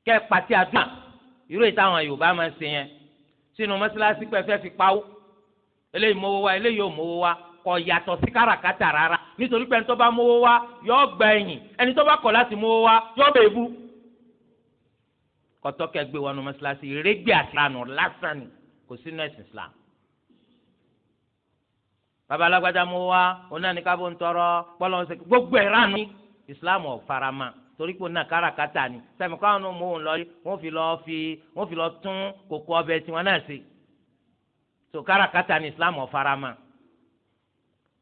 S1: kẹ́ ẹ pàtí àdúrà irú ìtàwọn Yorùbá máa ń ṣe yẹn sínú mọ́ṣáláṣí pé fẹ́ fi pawó eléyìí mówó wá eléyìí ò mówó wá kò yàtọ̀ sí káràkátà rárá nítorí pé ẹni tó bá mówó wá yọ gbà ẹ̀yìn ẹni tó bá kọ̀ láti mówó wá yọ bẹ̀ ebú kọ́tọ́ kẹ́ gbé wọnú mọ́ṣáláṣí régbé àtìlánù lásán ni kò sínú ẹ̀sìn Islam bàbá alágbádá mówó wá onáníkàbó ń tọrọ pọ́lọ́ gbogbo ẹ̀ ránú Islam ọ̀ farama torí pé náà káràkátà ni sẹ́mi káwọn náà mú òun lọ rí wọ́n fi lọ fi wọ́n fi lọ tún kókó ọbẹ̀ tiwọn náà sí tó káràkátà ni Islam ọ̀farama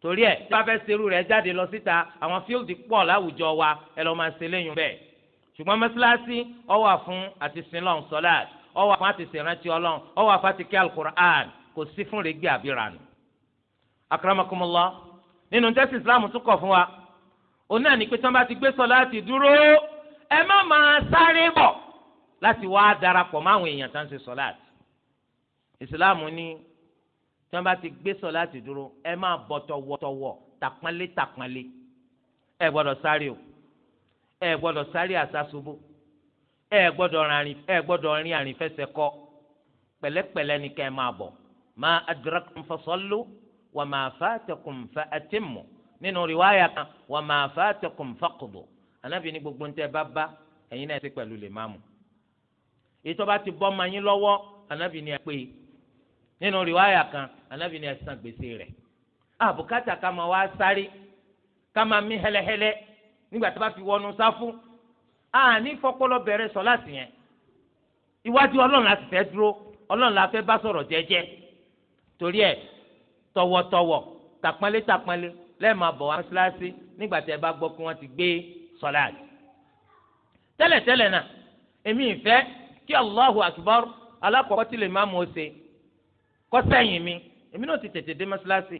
S1: torí ẹ̀ tí wọ́n fẹ́ serú rẹ̀ jáde lọ síta àwọn fíldì pọ̀ láwùjọ wa ẹ lọ́ọ́ máa ṣe léyìn bẹ́ẹ̀ ṣùgbọ́n mẹ́sàlásì ó wà fún àti sinlọ́n sọ́láàt ó wà àti sèrántí ọlọ́run ó wà àti kí alukur'an kò sí fún rẹ̀ gbé àbíràn. akramakumullah nínú tẹ́sí Islam tún kọ̀ fún wa òun náà ní pé tí wọ́n bá ti gbé sọ láti dúró ẹ má máa sáré bọ̀ láti wá darapọ̀ máwọn èèyàn tá ń ṣe sọ láti ìsìláàmù ní tí wọ́n bá ti gbé sọ láti dúró ẹ má bọ̀ tọwọ́tọwọ́ tàpọ́nlé tàpọ́nlé ẹ gbọ́dọ̀ sáré o ẹ gbọ́dọ̀ sáré àsásubú ẹ gbọ́dọ̀ rìn ẹ gbọ́dọ̀ rìn àrìnfẹsẹ̀ kọ pẹ̀lẹ́pẹ̀lẹ́ ni kẹ́ ẹ máa bọ̀ ma adrakum fasallu wa ma fatakum fa atimmu nínú rìwáyà kan wà máa fatakum faqdu anábì ní gbogbo ntẹ bá bá ẹ̀yin náà ṣe pẹ̀lú lè máàmù ìtọ́ba ti bọ́ ọmọ yín lọ́wọ́ anábì ní ẹ pé nínú rìwáyà kan anábì ní ẹ san gbèsè rẹ̀ àbùkátà ká máa wá sáré ká máa mí hẹ́lẹ́hẹ́lẹ́ nígbà tó bá fi wọnú sáfù àní fọpọlọ bẹ̀rẹ̀ sọ láti yẹn iwájú ọlọ́run láti fẹ́ dúró ọlọ́run la fẹ́ bá sọ̀rọ̀ jẹ́jẹ́ torí ẹ̀ tọwọ́tọwọ́ tàpọ́nlé lẹ́ẹ̀ma bọ̀ wá mọ́ṣáláṣí nígbà tí ẹ bá gbọ́ pé wọ́n ti gbé sọ́láàt. tẹ́lẹ̀tẹ́lẹ̀ náà èmi ìfẹ́ kí Allahu akbar alákọ̀ọ́kọ́ tí lè má mọ̀ ọ́ ṣe kọ́ sẹ́yìn mi èmi náà ti tètè dé mọ́ṣáláṣí.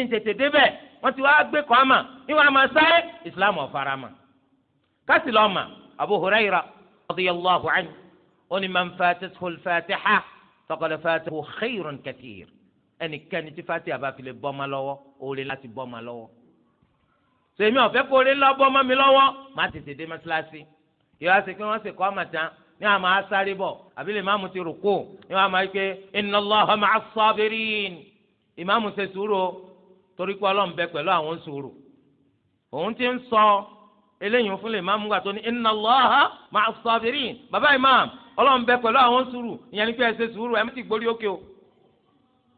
S1: ń tètè débẹ̀ wọ́n ti wá gbé kọ́ àmà ìwà àmà sáré ìsìlámù ọ̀fara mà. kásì lọ́ọ́ mà Abu Hurayra radiyallahu anhu ó ní man fatathu ẹnikẹ́ni tí fatiha bá fi lè bọ́ ma lọ́wọ́ oore láti bọ́ ma lọ́wọ́ sèmi ọ̀fẹ́ kó oore lọ́ bọ́ ma mi lọ́wọ́ má tètè dé mọ́sálásí yóò wá sí pé wọ́n sì kọ́ ọmọ tán ní àwọn máa sáré bọ̀ àbí lè máàmù ti rùkú ní àwọn máa pé inna Allaha ma'a as-sabirin ìmáàmù ṣe sùúrù torí pé ọlọ́run bẹ pẹ̀lú àwọn sùúrù òun ti ń sọ eléyìí fún lè máàmù gbà tó ní inna Allaha ma'a as-sabirin bàbá ìmáàmù ọlọ́run bẹ pẹ̀lú àwọn sùúrù ìyẹn ni pé ẹ ṣe sùúrù ẹ má ti gbórí òkè o.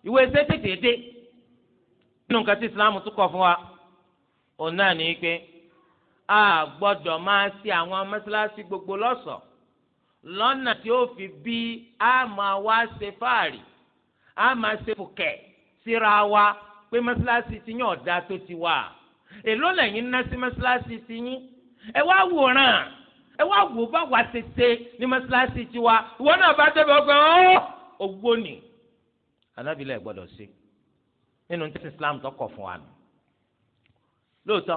S1: ìwé ẹsẹ tètè dé nínú nǹkan tí islam tún kọ fún wa òun náà ní pé a gbọdọ máa ṣe àwọn mọ́ṣáláṣí gbogbo lọnà tí ó fi bí a máa wá ṣe fáàrí a máa ṣe fòkè síra wa pé mọ́ṣáláṣí ti yàn ọ̀dà tó ti wà èló lẹ́yìn ná sí ti yín ẹ wá wòran ẹ wá wò bá tiwa ìwọ náà bá pé anábìlẹ̀ gbọ́dọ̀ sí nínú tí islam tọkọ fún wa nù lóòótọ́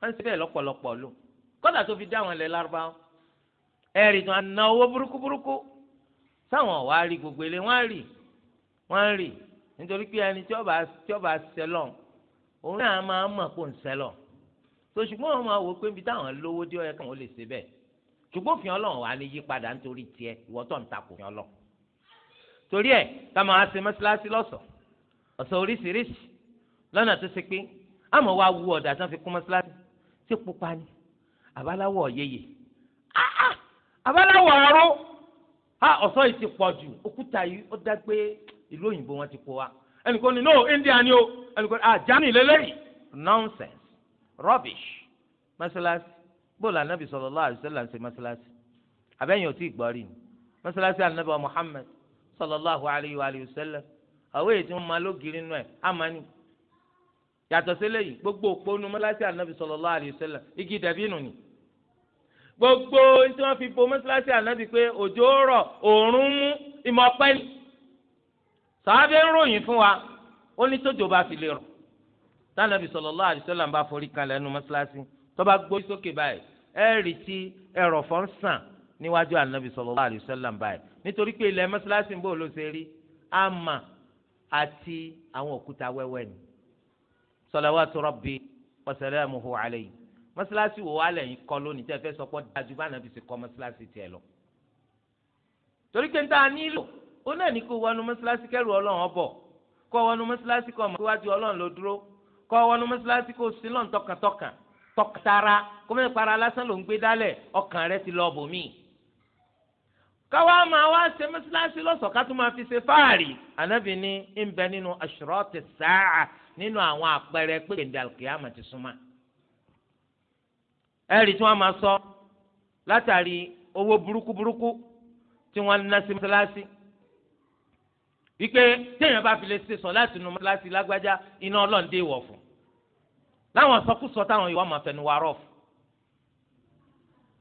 S1: wọ́n ti bẹ́ẹ̀ lọ́pọ̀lọpọ̀ lò kọ́dà tó fi dá àwọn ilẹ̀ lárúbáwọ́ ẹ̀rì tó àná owó burúkú burúkú sáwọn ọ̀wá rí gbogbo ilé wọ́n rí wọ́n rí nítorí pé ẹni tí ọba tí ọba sẹlọ̀ òun náà máa mọ̀ kó ń sẹlọ̀ tó ṣùgbọ́n wọn máa wò pé ibi táwọn lówó dé ọ̀yẹ́ káwọn lè ṣe bẹ́ẹ̀ ṣùgbọ́n òfin ọlọ́run wà ní yípadà nítorí tiẹ̀ ìwọ́tọ̀ ń takò òfin ọlọ́run torí ẹ̀ ká máa ṣe mọ́ṣáláṣí lọ́sọ̀ọ́ ọ̀sọ̀ oríṣiríṣi lọ́nà tó ṣe pé àmọ́ wa wu ọ̀dà tán fi kún mọ́ṣáláṣí tí pupa ni àbáláwọ̀ yeye àbáláwọ̀ a ọ̀sọ̀ yìí ti pọ̀ jù òkúta yìí ó dá pé ìlú òyìnbó wọn ti kó wa ẹnìkan ni no India ni o ẹnìkan ah Germany lélẹ́yìí nonsense rubbish mọ́ṣáláṣí bóòlù anabi sallallahu alaihi wasallam ṣe mọ́ṣáláṣí abẹ́yìn ò tí ì gbọ́ rí ni mọ́ṣáláṣí anabi wa Muhammad sallallahu alayhi wa sallam àwọn èyí tí wọ́n máa lógiri nù ẹ̀ amani yàtọ̀ sílẹ̀ yìí gbogbo òpó nu mọ́láṣí ànábì sallallahu alayhi wa sallam igi dàbí nù ni gbogbo tí wọ́n fi bo mọ́láṣí ànábì pé òjò rọ̀ òórùn mú ìmọ̀ pẹ́ẹ́lì sàábẹ́ ń ròyìn fún wa ó ní tójò bá fi lè rọ̀ tánàbì sallallahu alayhi wa sallam ń bá forí kalẹ̀ nu mọ́láṣí tó bá sókè báyìí ẹ̀rì tí ẹ̀rọ̀fọ̀ ń sàn níwájú anabi sallallahu alayhi wa sallam báyìí nítorí pé ilẹ̀ mọ́sálásí ń bò ló ṣe rí àmà àti àwọn òkúta wẹ́wẹ́ ni salawatu rabbi wa salamuhu alayhi mọ́sálásí wo wà lẹ́yìn kọ́ lónìí tẹ́ fẹ́ sọpọ́ dájú bá anabi ṣe kọ́ mọ́sálásí tiẹ̀ lọ. torí pé níta nílò ó náà ní kó wọnú mọ́sálásí kẹ́rù ọlọ́run ọbọ̀ kó wọnú mọ́sálásí kọ́ ọmọkíwájú ọlọ́run ló dúró kó wọnú mọ́sálásí kó sílọ̀ tọkàntọkàn tọkàtara kó mẹ́rin para lásán ló ń gbé dálẹ̀ káwa máa wá ṣe mọ́sálásí lọ́sọ̀ọ́ ká tún máa fi ṣe fáàrí ànábì ní ń bẹ nínú ashrati sáà nínú àwọn àpẹẹrẹ pé ìdàlùkìyàmà ti súnmọ́ ẹ̀rí tí wọ́n máa sọ látàrí owó burúkú burúkú tí wọ́n ná sí mọ́sálásí wípé téèyàn bá fi lè ṣe sọ láti nu mọ́sálásí lágbájá iná ọlọ́ọ̀dẹ́ fún láwọn sọkúsọ táwọn ìwà máa fẹnu wa rọ̀ fún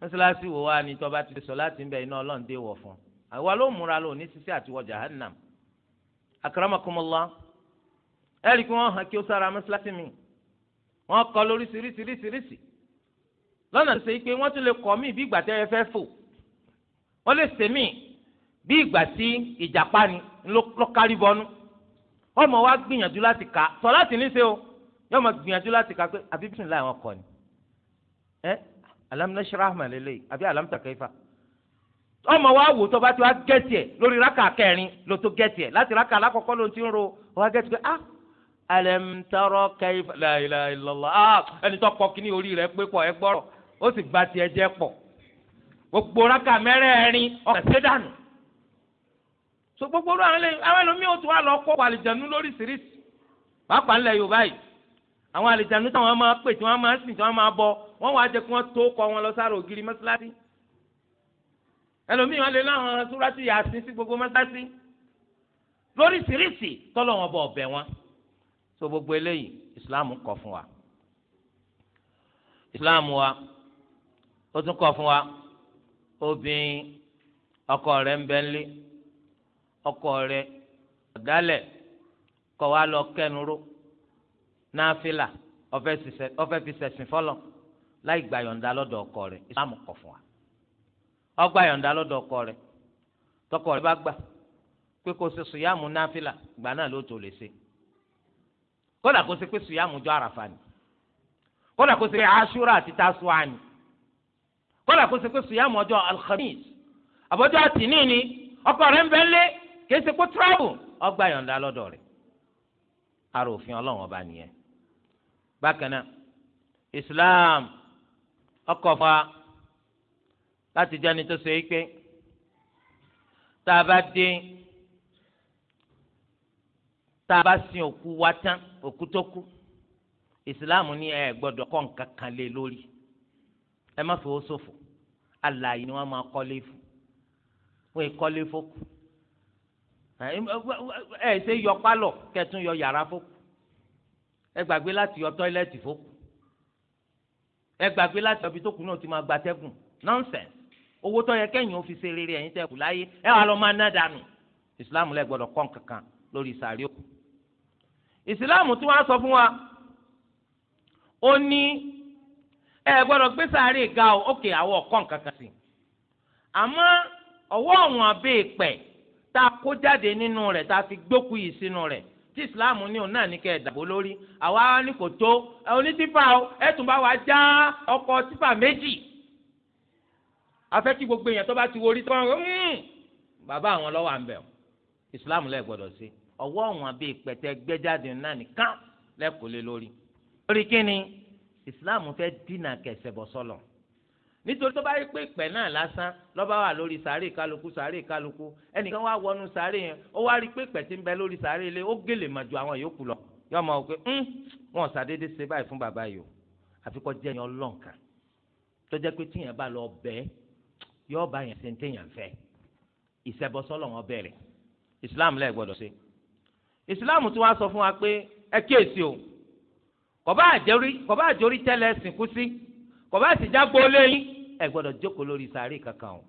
S1: mọ́sálásí wo wá ní tọ́ba ti sọ láti ń bẹ iná ọlọ́run dé wọ̀ fún àwa ló múra lò ní sísẹ́ àti wọ jahannam akramakumullah ẹ̀rí kí wọ́n hàn kí ó sára mọ́sálásí mi wọ́n kọ́ lóríṣiríṣiríṣiríṣi lọ́nà tó ṣe pé wọ́n tún lè kọ́ mí bí ìgbà tẹ́yẹ fẹ́ fò wọ́n lè ṣe mí bí ìgbà tí ìjàpá ni ló kárí bọnú ọmọ wa gbìyànjú láti kà sọ láti níṣe o yọmọ gbìyànjú láti alam nashrah mà lélẹ́yìí àbí alam takaifa ọmọ wa wò tó bá ti wá gẹ̀ẹ́tì ẹ̀ lórí rákà kẹrin ló tó gẹ̀ẹ́tì ẹ̀ láti rákà alákọ̀ọ́kọ́ ló ti ń ro wá gẹ̀ẹ́tì pé ah alam tara kaifa la ilaha illallah ah ẹni tó kọ kíní orí rẹ̀ pé pọ̀ ẹ gbọ́rọ̀ ó sì gba tiẹ̀ jẹ́ pọ̀ gbogbo rákà mẹ́rẹ̀ẹ̀rin ọ̀kẹ́ sí dànù so gbogbo ọdún àwọn àwọn ẹlòmíì ó tún wà lọ kó àlìjànú pàápàá ńlẹ̀ Yorùbá yìí àwọn àlìjànú táwọn máa pè tí wọ́n máa sìn tí wọ́n máa bọ wọ́n wàá jẹ́ kí wọ́n tó kọ́ wọn lọ sára ògiri mọ́sálásí ẹlòmíì wọn lè láwọn súrátì yàsín sí gbogbo mọ́sálásí lóríṣiríṣi tọ́lọ̀ wọn bọ ọ̀bẹ wọn so gbogbo eléyìí islam kọ fún wa islam wa ó tún kọ fún wa obìnrin ọkọ rẹ ń bẹ ńlé ọkọ rẹ ọdálẹ kọ wa lọ kẹnuró náà fìlà ọ̀fẹ́ fi sẹ̀sìn fọlọ. láì gba yọ̀ǹda lọ́dọ̀ ọkọ rẹ̀ islam kọ̀ fún wa ó gba yọ̀ǹda lọ́dọ̀ ọkọ rẹ̀ tọkọ rẹ̀ bá gbà pé kó ṣe sùyàmù náfìlà gbà náà ló tó lè ṣe kódà kó ṣe pé sùyàmù jọ àràfà ni kódà kó ṣe pé aṣúra àti tasuwa ni kódà kó ṣe pé sùyàmù ọjọ́ alhamis àbọ̀jọ́ àtìní ni ọkọ rẹ̀ ń bẹ lé kìí ṣe kó tíráàbù ó yọ̀ǹda lọ́dọ̀ rẹ̀ ara òfin ọlọ́run ọba nìyẹn bákan náà islam ọkọ̀ fún wa láti jẹ́ni tó ṣe é pé tá a bá dé tá a bá sin òkú wa tán òkú tó kú ìsìláàmù ní ẹ gbọ́dọ̀ kọ́ nǹkan kan lé lórí ẹ má fowó ṣòfò alààyè ni wọ́n máa kọ́lé fún wọ́n è kọ́lé fókù ẹ ṣe yọ pálọ̀ kẹtùn yọ yàrá fókù ẹ gbàgbé láti yọ tọ́ílẹ̀tì fókù ẹ gbàgbé láti ọbí tó kù náà ti máa gbatẹ́gùn nonsense owó tó yẹ kẹ́yìn ó fi ṣe rere ẹ̀yin tẹ́ kù láyé ẹ wà lọ́ máa ná dànù ìsìláàmù lẹ gbọ́dọ̀ kọ́ kankan lórí sàárì òkú ìsìláàmù tí wọ́n sọ fún wa ó ní ẹ gbọ́dọ̀ gbé sàárì ga o ókè àwọ̀ kọ́ kankan sí àmọ́ ọwọ́ àwọn abẹ́ ìpẹ́ tá a kó jáde nínú rẹ̀ tá a fi gbókù yìí sínú rẹ̀ tí islam ní òun náà ní kẹ́ ẹ̀ dàbò lórí àwa ni kò tó onítífà o ẹ tún bá wa já ọkọ̀ tífà méjì afẹ́ gbogbo èèyàn tó bá ti wọlé tó bá hmm, bàbá àwọn lọ́wọ́ à ń bẹ̀ o islam lẹ́ẹ̀ gbọ́dọ̀ sí ọwọ́ àwọn bíi pẹ̀tẹ́ gbẹ́jáde náà nìkan lẹ́kọ̀ọ́ lé lórí. lórí kí ni islam fẹ́ dínà kẹsẹ̀ bọ́ sọ́lọ̀ nítorí tó bá yẹ pé ìpẹ́ náà lásán lọ́ba wà lórí sàárè kálukú sàárè kálukú ẹnìkan wá wọnú sàárè yẹn ó wá rí pé ìpẹ́ ti ń bẹ lórí sàárè ilé ó gèlè mà ju àwọn yòókù lọ yọ ọmọ òkè ń wọn ṣàdédé ṣe báyìí fún bàbá yìí o àfi kọ́ jẹ́ yẹn ọlọ́ǹkà tó jẹ́ pé tíyẹn bá lọ bẹ́ yọ ọba yẹn ṣe ń téyàn fẹ́ ìṣẹ́bọsọ́lọ̀ wọn bẹ̀rẹ̀ ìsìláàmù lẹ́ẹ̀ gbọ́dọ̀ ṣe ìsìláàmù tí wọ́n á sọ fún wa pé ẹ kíyèsí o kọ̀bá àjẹrí kọ̀bá àjẹrí tẹ́lẹ̀ sìnkú sí kọ̀bá àtijọ́ gbólé yín ẹ gbọ́dọ̀ jókòó lórí sàárè kankan o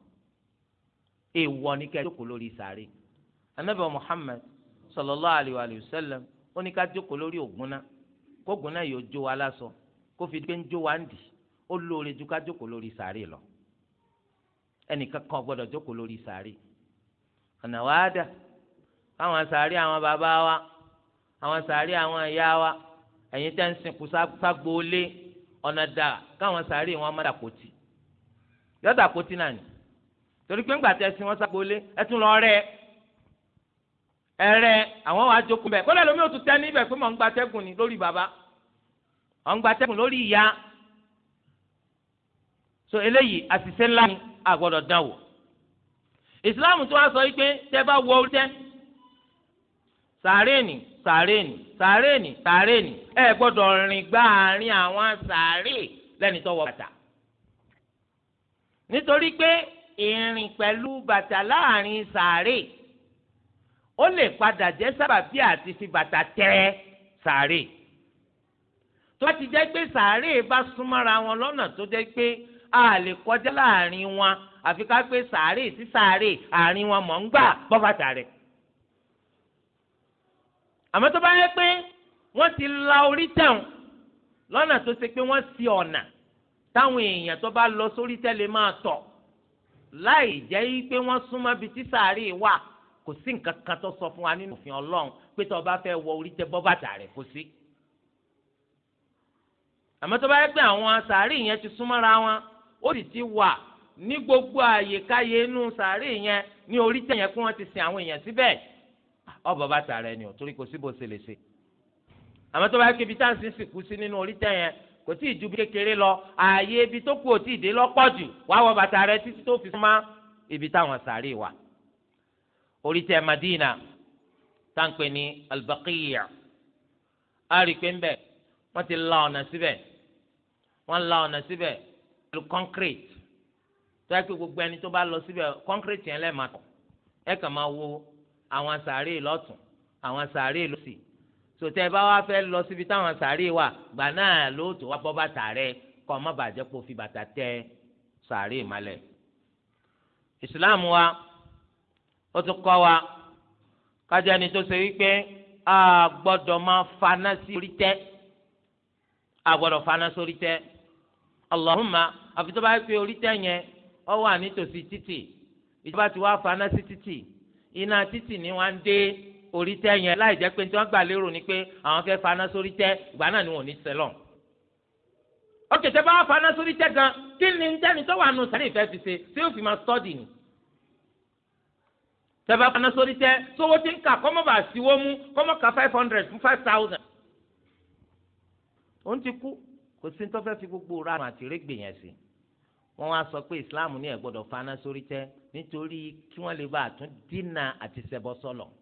S1: èèwọ̀ ni kẹ́ jókòó lórí sàárè anabi muhammed sallallahu alayhi wa sallam ó ní ká jókòó lórí ògúnná kó ògúnná yóò jó wa lásọ kó fi dé ń jó wa ń dì ó lóore ju ká jókòó lórí sàárè lọ ẹnìkan kan gbọ́dọ̀ jókòó lórí sàárè ọ̀nà wa dà káwọn sàárè àwọn bàbá wa àwọn sàárè àwọn ìyá wa ẹ̀yin tẹ́ ń sìnkú ságbóolé ọ̀nà dà káwọn sàárè wọn má dàpọ̀ tì yọ̀dà àpótí náà ni torí pé ńgbà tẹ ẹsìn wọn sápolé ẹtún lọ rẹ ẹrẹ àwọn wàá jókòó bẹ kọlẹ lómi òtún tẹ níbẹ̀ pé mọ ń gbatẹ́gùn ni lórí bàbá ọ ń gbatẹ́gùn lórí ìyá so eléyìí àṣìṣe ńlá ni a gbọ́dọ̀ dán wò ìsìláàmù tó wá sọ yìí pé tẹ bá wọ orí tẹ sàárèènì sàárèènì sàárèènì sàárèènì ẹ gbọ́dọ̀ rìn gbáàárín àwọn sàárè lẹ́ni tó wọ bàtà nítorí pé ìrìn pẹ̀lú bàtà láàrin sàárè ó lè padà jẹ́ sábàbí àti fi bàtà tẹ sàárè tó bá ti jẹ́ pé sàárè bá súnmọ́ra wọn lọ́nà tó jẹ́ pé a lè kọjá láàrin wọn àfi ká pé sàárè sí sàárè àárín wọn mọ̀ ń gbà bọ́ bàtà rẹ̀ àmọ́ tó bá yẹ pé wọ́n ti la orí tẹ̀wọ̀n lọ́nà tó ṣe pé wọ́n ṣí ọ̀nà. Si táwọn èèyàn tó bá lọ sórí tẹ́lẹ̀ máa tọ̀ láì jẹ́ pé wọ́n súnmọ́ bíi tí sàárè wà kò sí nǹkan kan tó sọ fún wa nínú òfin ọlọ́run pé tó o bá fẹ́ wọ orí tẹ bọ́ bàtà rẹ̀ kò sí. àmọ́ tó bá yẹ pé àwọn sàárè yẹn ti súnmọ́ra wọn ó sì ti wà ní gbogbo àyèkáyè inú sàárè yẹn ní orí tẹ̀ yẹn kí wọ́n ti sin àwọn èèyàn síbẹ̀ ọ bọ́ bàtà rẹ̀ ni ò torí kò sí bó ṣe lè ṣe. àmọ́ tó bá yẹ kò tí ì ju kékeré lọ ààyè ibi tó kù ò tí ì dé lọ́pọ̀ jù wàá wọ bàtà rẹ títí tó fi súnmọ́ ibi táwọn sàárè wà. orí tẹ Madina táǹpẹ̀ ní Al-Baqiyya á rí i pé ńbẹ wọ́n ti la ọ̀nà síbẹ̀ wọ́n la ọ̀nà síbẹ̀ pẹ̀lú concrete tó yẹ kó gbogbo ẹni tó bá lọ síbẹ̀ concrete yẹn lẹ́ẹ̀ma tọ̀ ẹ kàn máa wo àwọn sàárè lọ́tún àwọn sàárè lọ́sì sòtẹ́ bá wá fẹ́ lọ síbi táwọn sàárè wà gbà náà ló tó wá bọ́ bàtà rẹ kọ́ ọ má bàjẹ́ kó fi bàtà tẹ sàárè malẹ̀. ìsìláàmù wa ó tún kọ́ wa kájà ni tó ṣe wípé a gbọ́dọ̀ máa faná sórí tẹ́ a gbọ́dọ̀ faná sórí tẹ́ Allahumma àfi tó bá pé orí tẹ́ yẹn ó wà nítòsí títì ìjọba ti wá faná sí títì iná títì ni wọ́n á dé orí tẹ yẹn láì jẹ́ pé tí wọ́n gbà lérò ni pé àwọn fẹ́ faná sórí tẹ ìgbà náà ni wọ́n ní sẹ́lọ̀. Ok kẹ̀tẹ́ bá faná sórí tẹ gan kí ni tẹ́ni tó wà nù sẹ́ni ìfẹ́ fi ṣe tí yóò fi máa sọ́ọ̀dì ni. tẹ́fẹ́ faná sórí tẹ sówó ti ń kà kọ́mọ́ bá síwó mú kọ́mọ́ ka five hundred fún five thousand. ó ń ti kú kò sí tó fẹ́ fi gbogbo ra àti régbè yẹn sí wọ́n wá sọ pé Islam ní ẹ gbọ́dọ̀ faná sórí tẹ nítorí kí wọ́n lè bá àtún dínà àti ṣẹbọ sọlọ. So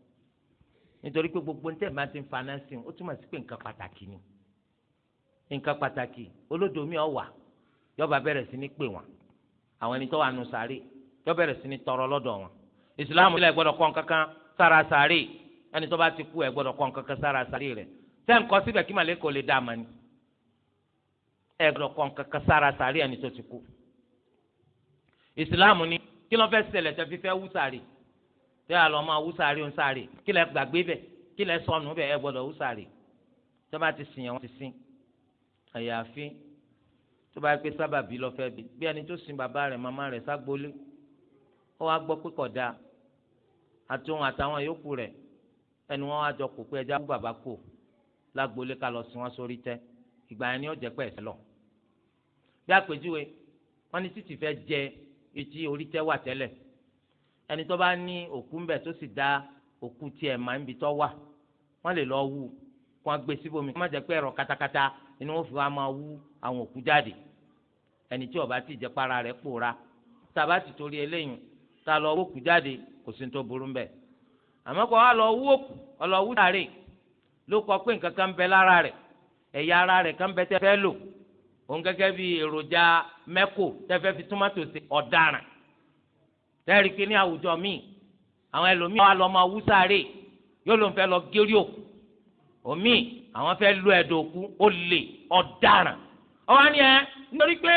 S1: nítorí pé gbogbo ntẹ̀ máa ti ń financing ó túmọ̀ sí pé nǹkan pàtàkì ni nǹkan pàtàkì olódò mi ọ̀ wà yọba bẹ̀rẹ̀ sí ní pè wọ́n àwọn ẹni tó wà nù sàárè yọ bẹ̀rẹ̀ sí ní tọrọ lọ́dọ̀ wọn ìsìláàmù ilẹ̀ gbọ́dọ̀ kọ́ nǹkankan sára sàárè ẹni tó bá ti kú ẹ̀ gbọ́dọ̀ kọ́ nǹkankan sára sàárè rẹ̀ sẹ́ǹ kọ́ síbẹ̀ kí màlẹ́ kò lè dá àmà ni ẹ̀ gbọ́dọ̀ kọ́ nǹkankan sára sàárè ẹni tó ti kú ìsìláàmù ni kí ló fẹ́ ṣẹlẹ̀ tẹ́ fi fẹ́ wú sàárè tẹ àlọ máa wú sáré ń sáré kí lẹ gbàgbé bẹ kí lẹ sọnù bẹ ẹ gbọ́dọ̀ wú sáré tó bá ti sìn yẹn wọn ti sìn àyàfi tó bá pé sábàbí lọ fẹ́ bí bí ẹni tó sin bàbá rẹ màmá rẹ ságbólé ó wá gbọ́ pé kódà àtúnwò àtàwọn yòókù rẹ ẹni wọn wá jọ kó pé ẹjá kú bàbá kò lágbólé ká lọ sin wọn sórí tẹ ìgbà yẹn ni ó jẹ pé ẹsẹ lọ bí àpèjúwe wọn ní títì fẹ́ jẹ etí orí tẹ wà tẹ́lẹ̀ ẹni tó bá ní òkú ńbẹ tó sì dá òkú tiẹ̀ máa ń bi tó wà wọ́n lè lọ wú kó wọ́n gbé síbòmí kó má jẹ́ pé ẹ̀rọ katakata inú wọn fi wá máa wú àwọn òkú jáde ẹni tí ó bá ti jẹ́ para rẹ̀ pòórá tàbá ti torí eléyìí tá a lọ wó òkú jáde kò sí tó burú ńbẹ àmọ́ kó wá lọ wú òkú ọlọ wú sàárè ló kọ pé nǹkan kan bẹ lára rẹ̀ ẹ̀yà ara rẹ̀ kan bẹ tẹ́ fẹ́ lò òun gẹ́gẹ́ bí èròjà mẹ́kò tẹ́ fẹ́ fi tómátò ṣe ọ̀daràn tẹ́rì pé ní àwùjọ míì àwọn ẹlòmíì wà lọ́ máa yóò ló ń fẹ́ lọ gérí òkú omi àwọn fẹ́ lu ẹ̀dọ̀ òkú ó lè ọ̀daràn ọwọ́ ni ẹ nítorí pé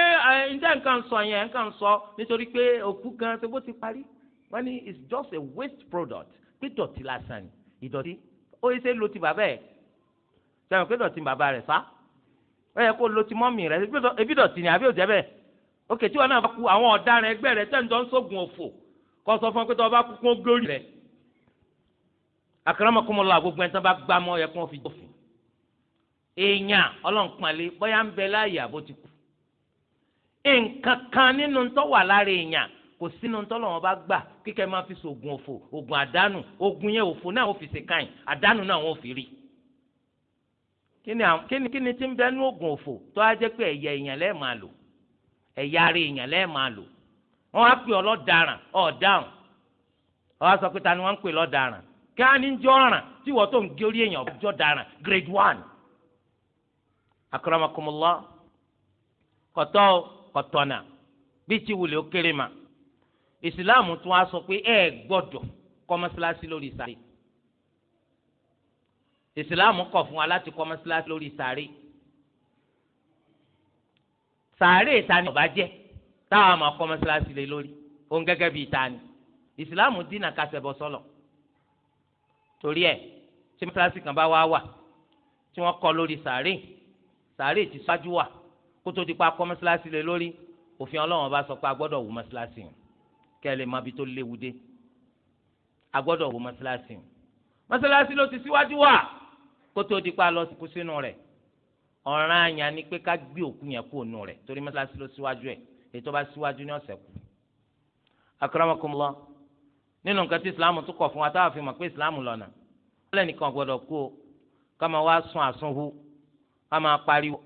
S1: ǹjẹ́ nǹkan sọ yẹn nǹkan sọ nítorí pé òkú gan ṣe bó ti parí wọ́n ní it's just a waste product pé dọ̀tí lásán ni ìdọ̀tí ó yẹ ṣe lo ti bàbá ẹ̀ sẹ́wọ̀n pé dọ̀tí bàbá rẹ̀ sá ó yẹ kó lo ti mọ́mì rẹ̀ ebi dọ̀tí ni àbí òjẹ́ bẹ́ẹ̀ òkè tí wọn náà kú àwọn ọ̀daràn ẹgbẹ́ rẹ̀ tẹ̀ ń jọ ń sógun òfò kọ́ sọ fún ọ pé tó o bá kú kún ogórí rẹ̀ akaramakumọlọ agbogbo ẹni tó bá gbá mọ yẹ kó fi jọfin èèyàn ọlọ́nkpali bóyá ń bẹ láàyè àbó ti kú nǹkan kan nínú tó wà lára èèyàn kò sínú tó lọ́wọ́ bá gbà kíkẹ́ máa fi sògùn òfò ògùn àdánù ògùn yẹn òfò náà ó fi ṣe káyìn àdánù náà ó fi rí kí ni tí ń bẹ ní ògùn òfò tó á pé ẹ̀yà èèyàn lẹ́ẹ̀ máa lò ẹ̀yà ara èèyàn lẹ́ẹ̀ máa lò wọ́n á pè ọ́ lọ́daràn ọ̀ dáhùn ọ̀ á sọ pé ta ni wọ́n ń pè lọ́daràn kí á ní jọ́ ọ̀ràn tí wọ́n tó ń gé orí èèyàn jọ́ daràn grade one. akramakumullah kọ̀tọ́ kọ̀tọ̀nà bí ti wulẹ̀ ó kéré ma ìsìláàmù tún á sọ pé ẹ gbọ́dọ̀ kọ́ mọ́sálásí lórí sáré ìsìláàmù kọ̀ fún wa láti kọ́ lórí sáré sáré ìta ni ọba jẹ́ táwọn máa kọ́ mọ́sálásí lé lórí òun gẹ́gẹ́ bíi ta ni ìsìláàmù dínà kásẹ̀ bọ́ sọ́lọ̀ torí ẹ̀ tí mọ́sálásí kan bá wá wà tí wọ́n kọ́ lórí sàárè sàárè ti ṣáájú wà kó tó di pa kọ́ mọ́sálásí lé lórí òfin ọlọ́run bá sọ pé a gbọ́dọ̀ wù mọ́sálásí yẹn kẹ́ bi tó léwu dé a gbọ́dọ̀ wù mọ́sálásí yẹn ló ti síwájú wà kó tó di pa lọ kú sínú rẹ̀ ọ̀ràn àyàn ni pé ká gbé òkú yẹn kúrò nù rẹ̀ torí mọ́sálásí ló síwájú ẹ̀ ètò bá síwájú ní ọ̀sẹ̀ kù. akramakumullah nínú nǹkan tí islam tún kọ̀ fún wa táwa fi mọ̀ pé islam lọ́nà ọlẹ́ nìkan gbọ́dọ̀ kú o ká máa wá sun àsunhu ká máa pariwo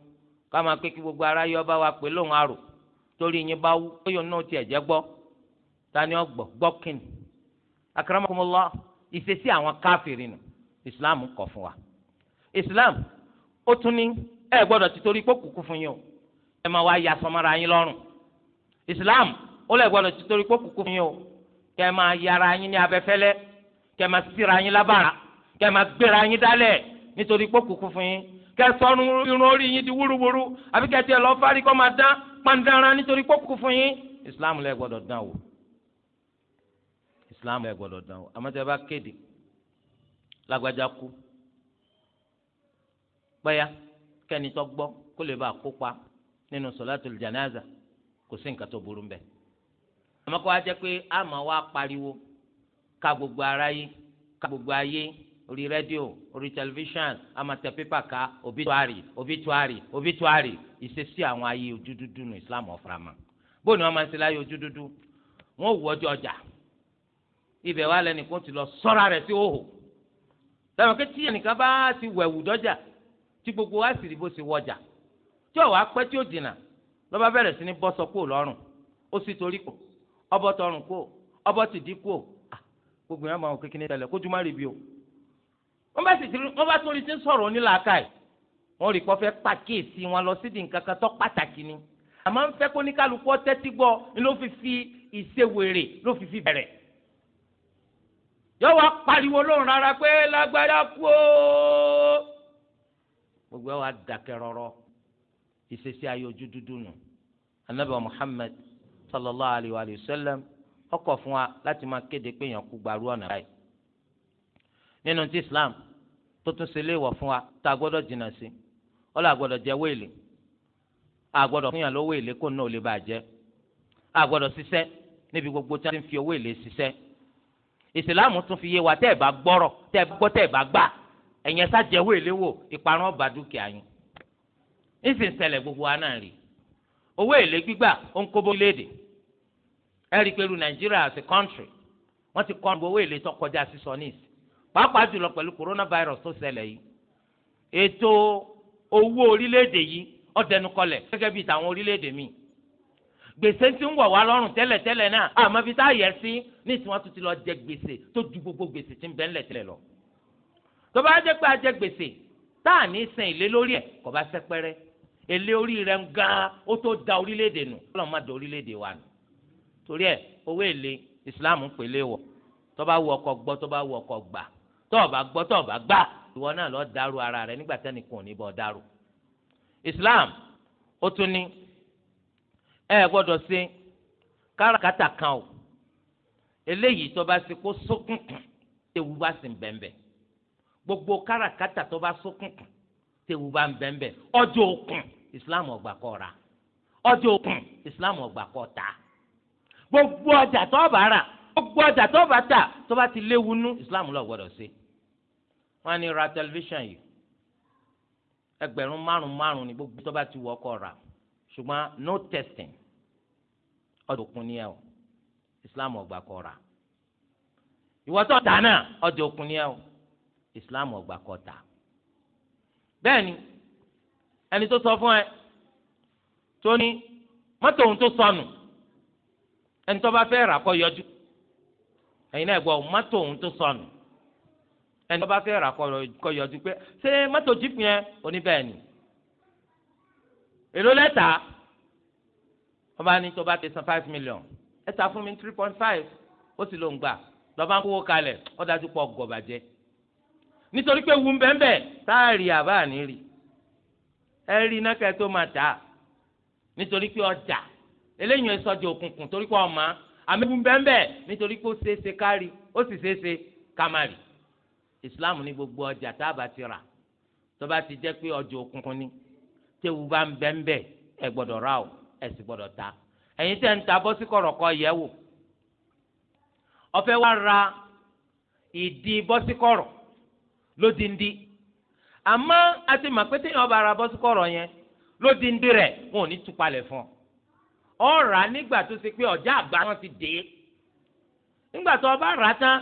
S1: ká máa pé kí gbogbo ara yọ bá wa pè lóhùn àrò torí yín bá wú bóyá náà tiẹ̀ jẹ́ gbọ́ ta ni ọ gbọ́ gbọ́ kíni akramakumullah ìṣesí àwọn káfìrì nù islam kọ̀ fún wa islam ó tún ní ẹ gbọ́dọ̀ ti torí pé kúkú fún yín o ẹ máa wá yasọ yín lọ́rùn islam ó lè gbọ́dọ̀ títorí pé kúkú fún yín o kẹ́ ẹ máa yára yín ní abẹ́fẹ́lẹ́ kẹ́ ẹ máa síra yín lábàrá kẹ́ ẹ máa gbéra yín dálẹ̀ nítorí pé kúkú fún yín kẹ́ ẹ irun orí yín di wúruwúru àbí kẹ́ ẹ lọ fárí kọ́ máa dán pàǹdàrà nítorí pé kúkú fún yín islam lè gbọ́dọ̀ dán o islam lè gbọ́dọ̀ dán o àmọ́ tẹ́ bá kéde lágbájá kú pẹ́yà kẹ́ni tó gbọ́ kó lè bá kópa nínú sọ̀látùl jánásà kò sí nǹkan tó burú ń bẹ àmọ́ kó wá jẹ́ pé a máa wá pariwo ká gbogbo aráyé ká gbogbo ayé orí rédíò orí tẹlifíṣàn a máa tẹ pépà ká obituari obituari obituari ìṣesí àwọn ayé ojú dúdú nu Islam ọ̀farama bóun ni wọ́n máa ń ṣe láyé ojú dúdú wọ́n wù ọjọ́ ọjà ibẹ̀ wà lẹ́nìkan ti lọ sọ́ra rẹ̀ sí òhò táwọn kẹ́tí ẹnìkan bá ti wẹ̀wù dọ́jà tí gbogbo wa sì rí bó ṣe wọjà tí ò wá pẹ́ tí ó dìnnà lọ́ba bẹ̀rẹ̀ sí ní bọ́ sọ kúò lọ́rùn ó sì torí kù ọbọ̀ tọrùn kù ọbọ̀ tìdí kù ah, gbogbo yẹn máa wọ kékeré tẹlẹ kójú má rebi o wọ́n bá sì tiri wọ́n bá tó rí sí sọ̀rọ̀ onílàákàyè wọ́n rí kọfẹ pàkíyèsí wọn lọ sídìí nǹkan kan tó pàtàkì ni àmọ́ ń fẹ́ kó ní kálukú ọtẹtí gbọ́ ló fi fi ìṣèwèrè ló fi fi bẹ̀rẹ̀ yọwọ pariwo lóhùn rárá pé lágbára kú o gbogbo ẹ wá dákẹ́ rọ́rọ́ ìṣesí ayé ojú dúdú nù. No anabi muhammed sallallahu alayhi wa sallam ọkọ̀ fún wa láti máa kéde pé èèyàn kú gbarú ọ̀nà báyìí nínú ti islam tó tún ṣe léèwọ̀ fún wa tá a gbọ́dọ̀ jìnnà sí ó là gbọ́dọ̀ jẹ wéèlì a gbọ́dọ̀ fún yàn lówó èlé kó náà ò lè bàjẹ́ a gbọ́dọ̀ ṣiṣẹ́ níbi gbogbo tí wọ́n ti ń fi owó èlé ṣiṣẹ́ ìsìláàmù tún fi yé wa tẹ́ ẹ̀ bá gbọ́rọ̀ tẹ́ ẹ̀ gbọ́ tẹ́ ẹ̀ bá gbà ẹ̀yẹn sájẹ̀wó èlé wò ìparun ọba dúkìá yín ìsìn ṣẹlẹ̀ gbogbo wa náà rèé owó èlé gbígbà ó ń kó bórílẹ̀-èdè ẹ i pẹ̀lú nàìjíríà as a country wọ́n ti kọ́ owó èlé tó kọjá sísọ níìsì pàápàá jùlọ pẹ̀lú coronavirus tó ṣẹlẹ̀ yìí ètò owó orílẹ̀-èdè yìí ó dẹnukọlẹ̀ gẹ́gẹ́ bíi tàwọn orílẹ̀-èdè míì gbèsè ti ń wọ̀ wá lọ́rùn tẹ́lẹ̀tẹ́lẹ̀ náà àmọ́ fi tá a yẹ sí ní tí wọ́n tún ti lọ jẹ gbèsè tó ju gbogbo gbèsè tí ń bẹ ńlẹ̀ tẹ́lẹ̀ lọ. tó bá jẹ́ pé a jẹ gbèsè tá à ní san èlé lórí ẹ̀ kò bá sẹ́pẹ́rẹ́ èlé orí rẹ̀ gan ó tó da orílẹ̀-èdè nù ọlọ́run má da orílẹ̀-èdè wa nù torí ẹ̀ owó èlé islam ń pèlè wọ̀ tó bá wù ọkọ̀ gbọ́ tó bá wù ọkọ̀ gbà tó bá gbọ́ tó bá gbà ìwọ náà lọ dàrú ara rẹ nígbà tẹ́ni kùn ní bọ́ dàrú islam ó tún ní ẹ gbọ́dọ̀ ṣe káràkátà kan o eléyìí tó bá ṣe kó sókùnkùn tewu bá sì ń bẹ̀m̀bẹ̀ gbogbo káràkátà tó bá sókùnkùn tewu bá ń bẹ̀m̀bẹ̀ ọjọ́ òkun islam ọgbà kọ ra ọjà òkun islam ọgbà kọ ta gbogbo ọjà tó bá rà gbogbo ọjà tó bá tà tó bá ti léwu nú islam ló gbọ́dọ̀ ṣe wọ́n ní ra tẹlifíṣàn yìí ẹgbẹ̀rún márùn márùn ni gbogbo tó bá ti wọ ọkọ rà ṣùgbọ́n no testing ọjà òkun ni ẹ o islam ọgbà kọ ra ìwọ tó tà náà ọjà òkun ni ẹ o islam ọgbà kọ ta bẹ́ẹ̀ ẹni tó sọ fún ẹ tó ní mọ́tò òun tó sọnù ẹni tó bá fẹ́ rà kọ́ yọjú ẹ̀yin náà gbọ́ mọ́tò òun tó sọnù ẹni tó bá fẹ́ rà kọ́ yọjú pé ṣé mọ́tò jíìpù yẹn oníbẹ̀ẹ́ ni èló lẹ́tà wọ́n bá ní tó bá ti san five million ẹ ta fún mi three point five ó sì ló ń gbà lọ́ba ń kówó kalẹ̀ ó dájú pọ̀ gọ̀bàjẹ́ nítorí pé wù ń bẹ́ẹ̀ bẹ́ẹ̀ táà rí àbá àní rí ẹ rí iná kẹ́ tó máa dà nítorí pé ọjà eléyìí ẹ sọjà òkùnkùn torí pé ọmọ àmẹ́kùn bẹ́ẹ̀ nítorí pé ó ṣeéṣe kárí ó sì ṣeéṣe kámárì ìsìláàmù ní gbogbo ọjà tá a bá ti rà tó bá ti jẹ́ pé ọjà òkùnkùn ni tẹ́wù bá ń bẹ́ẹ̀ ẹ gbọ́dọ̀ rà o ẹ sì gbọ́dọ̀ ta ẹ̀yin tẹ́ ń ta bọ́ sí kọ̀rọ̀kọ̀ yẹ̀ wò ọ̀fẹ́ wa ra ìdí bọ́síkọ̀rọ̀ lódìndín àmọ́ àti màpẹ́tẹ́ yẹn ọba ara bọ́ sí kọ̀rọ̀ yẹn ló di ń dirẹ̀ wọn ò ní tupalẹ̀ fún ọ ọ̀rà nígbà tó ṣe pé ọ̀já àgbà wọn ti dé nígbà tó ọba rà tán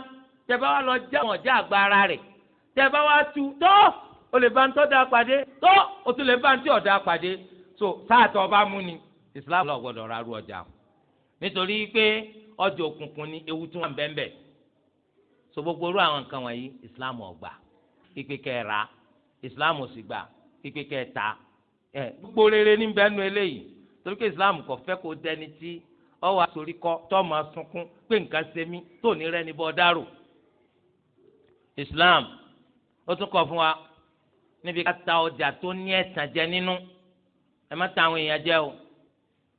S1: tẹ bá lọ já àwọn àgbà ara rẹ̀ tẹ bá tu tó o lè bá ń tọ́ da pàdé tó o tún lè bá ń tí ọ̀dà pàdé so sáà tó ọba mú ni Islam lọ gbọdọ̀ rárú ọjà nítorí pé ọjà òkùnkùn ni ewu tí wọn bẹ́ẹ̀ bẹ́ẹ̀ so gbogbo irú àwọn nǹkan wọ̀nyí Islam ọgbà ìpè kẹ́ẹ̀ rà islam ò sì gbà kékeré ta ẹ gbogbo rere ní nu eléyìí torí pé islam kò fẹ́ kó dẹni tí ọwọ́ àsorí kọ́ tó máa sunkún pé nǹkan ṣe mí tó ní rẹ́ni bọ́ dárò islam ó tún kọ́ fún wa níbi ká ta ọjà tó ní ẹ̀sán jẹ nínú ẹ má ta àwọn èèyàn jẹ o